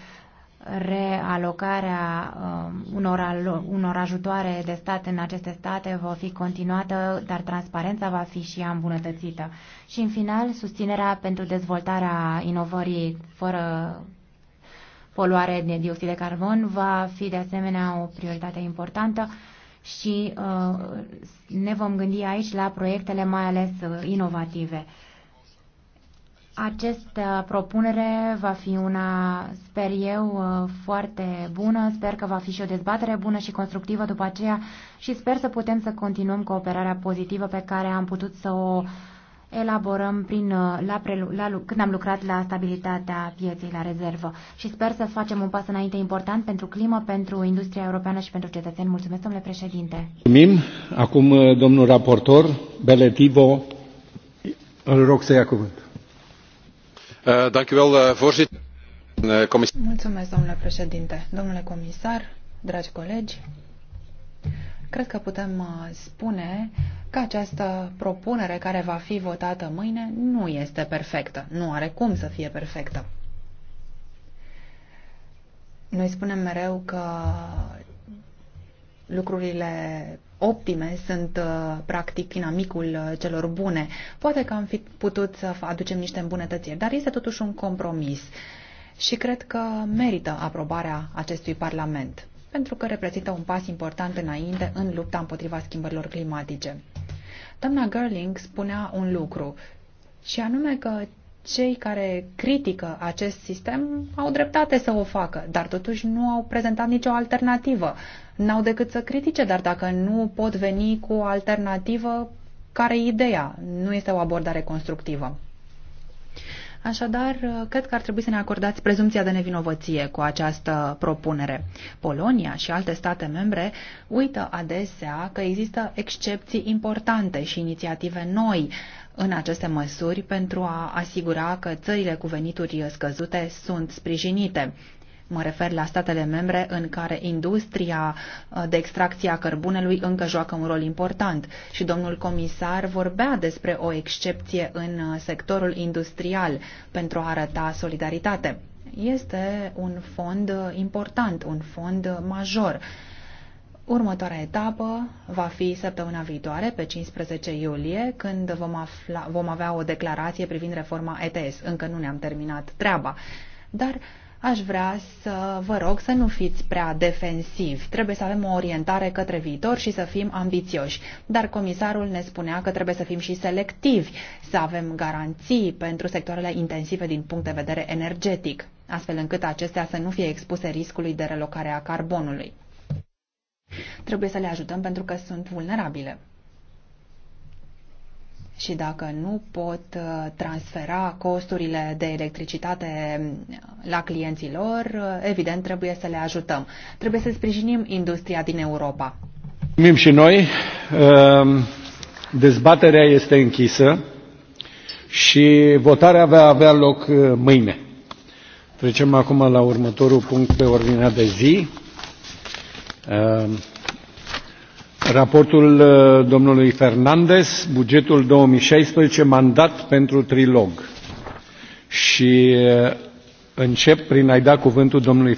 Realocarea um, unor, unor ajutoare de stat în aceste state va fi continuată, dar transparența va fi și ea îmbunătățită. Și, în final, susținerea pentru dezvoltarea inovării fără poluare de dioxid de carbon va fi, de asemenea, o prioritate importantă și uh, ne vom gândi aici la proiectele mai ales uh, inovative. Această propunere va fi una, sper eu, uh, foarte bună. Sper că va fi și o dezbatere bună și constructivă după aceea și sper să putem să continuăm cooperarea pozitivă pe care am putut să o elaborăm prin, uh, la, prelu, la, când am lucrat la stabilitatea pieței, la rezervă. Și sper să facem un pas înainte important pentru climă, pentru industria europeană și pentru cetățeni. Mulțumesc, domnule președinte. Mulțumim. Acum, uh, domnul raportor, Beletivo, îl rog să ia cuvântul. Eh, eh, eh, domnule președinte domnule comisar dragi colegi cred că putem spune că această propunere care va fi votată mâine nu este perfectă nu are cum să fie perfectă. Noi spunem mereu că lucrurile optime sunt uh, practic inamicul uh, celor bune. Poate că am fi putut să aducem niște îmbunătățiri, dar este totuși un compromis și cred că merită aprobarea acestui Parlament, pentru că reprezintă un pas important înainte în lupta împotriva schimbărilor climatice. Doamna Gerling spunea un lucru, și anume că cei care critică acest sistem au dreptate să o facă, dar totuși nu au prezentat nicio alternativă. N-au decât să critique, dar dacă nu pot veni cu o alternativă, care ideea? Nu este o abordare constructivă. Așadar, cred că ar trebui să ne acordați prezumția de nevinovăție cu această propunere. Polonia și alte state membre uită adesea că există excepții importante și inițiative noi în aceste măsuri pentru a asigura că țările cu venituri scăzute sunt sprijinite. Mă refer la statele membre în care industria uh, de extracție a cărbunelui încă joacă un rol important și domnul comisar vorbea despre o excepție în uh, sectorul industrial pentru a arăta solidaritate. Este un fond uh, important, un fond major Următoarea etapă va fi săptămâna viitoare, pe 15 iulie, când vom, afla, vom avea o declarație privind reforma ETS. Încă nu ne-am terminat treaba, dar aș vrea să vă rog să nu fiți prea defensivi. Trebuie să avem o orientare către viitor și să fim ambițioși. Dar comisarul ne spunea că trebuie să fim și selectivi, să avem garanții pentru sectoarele intensive din punct de vedere energetic, astfel încât acestea să nu fie expuse riscului de relocare a carbonului. Trebuie să le ajutăm pentru că sunt vulnerabile. Și dacă nu pot uh, transfera costurile de electricitate uh, la clienții lor, uh, evident trebuie să le ajutăm. Trebuie să sprijinim industria din Europa. Mim și noi. Um, dezbaterea este închisă și votarea va avea loc mâine. Trecem acum la următorul punct pe ordinea de zi. Ehm, raportul uh, domnului Fernandes, bugetul șaisprezece mandat pentru trilog. Și uh, încep prin a-i da cuvântul domnului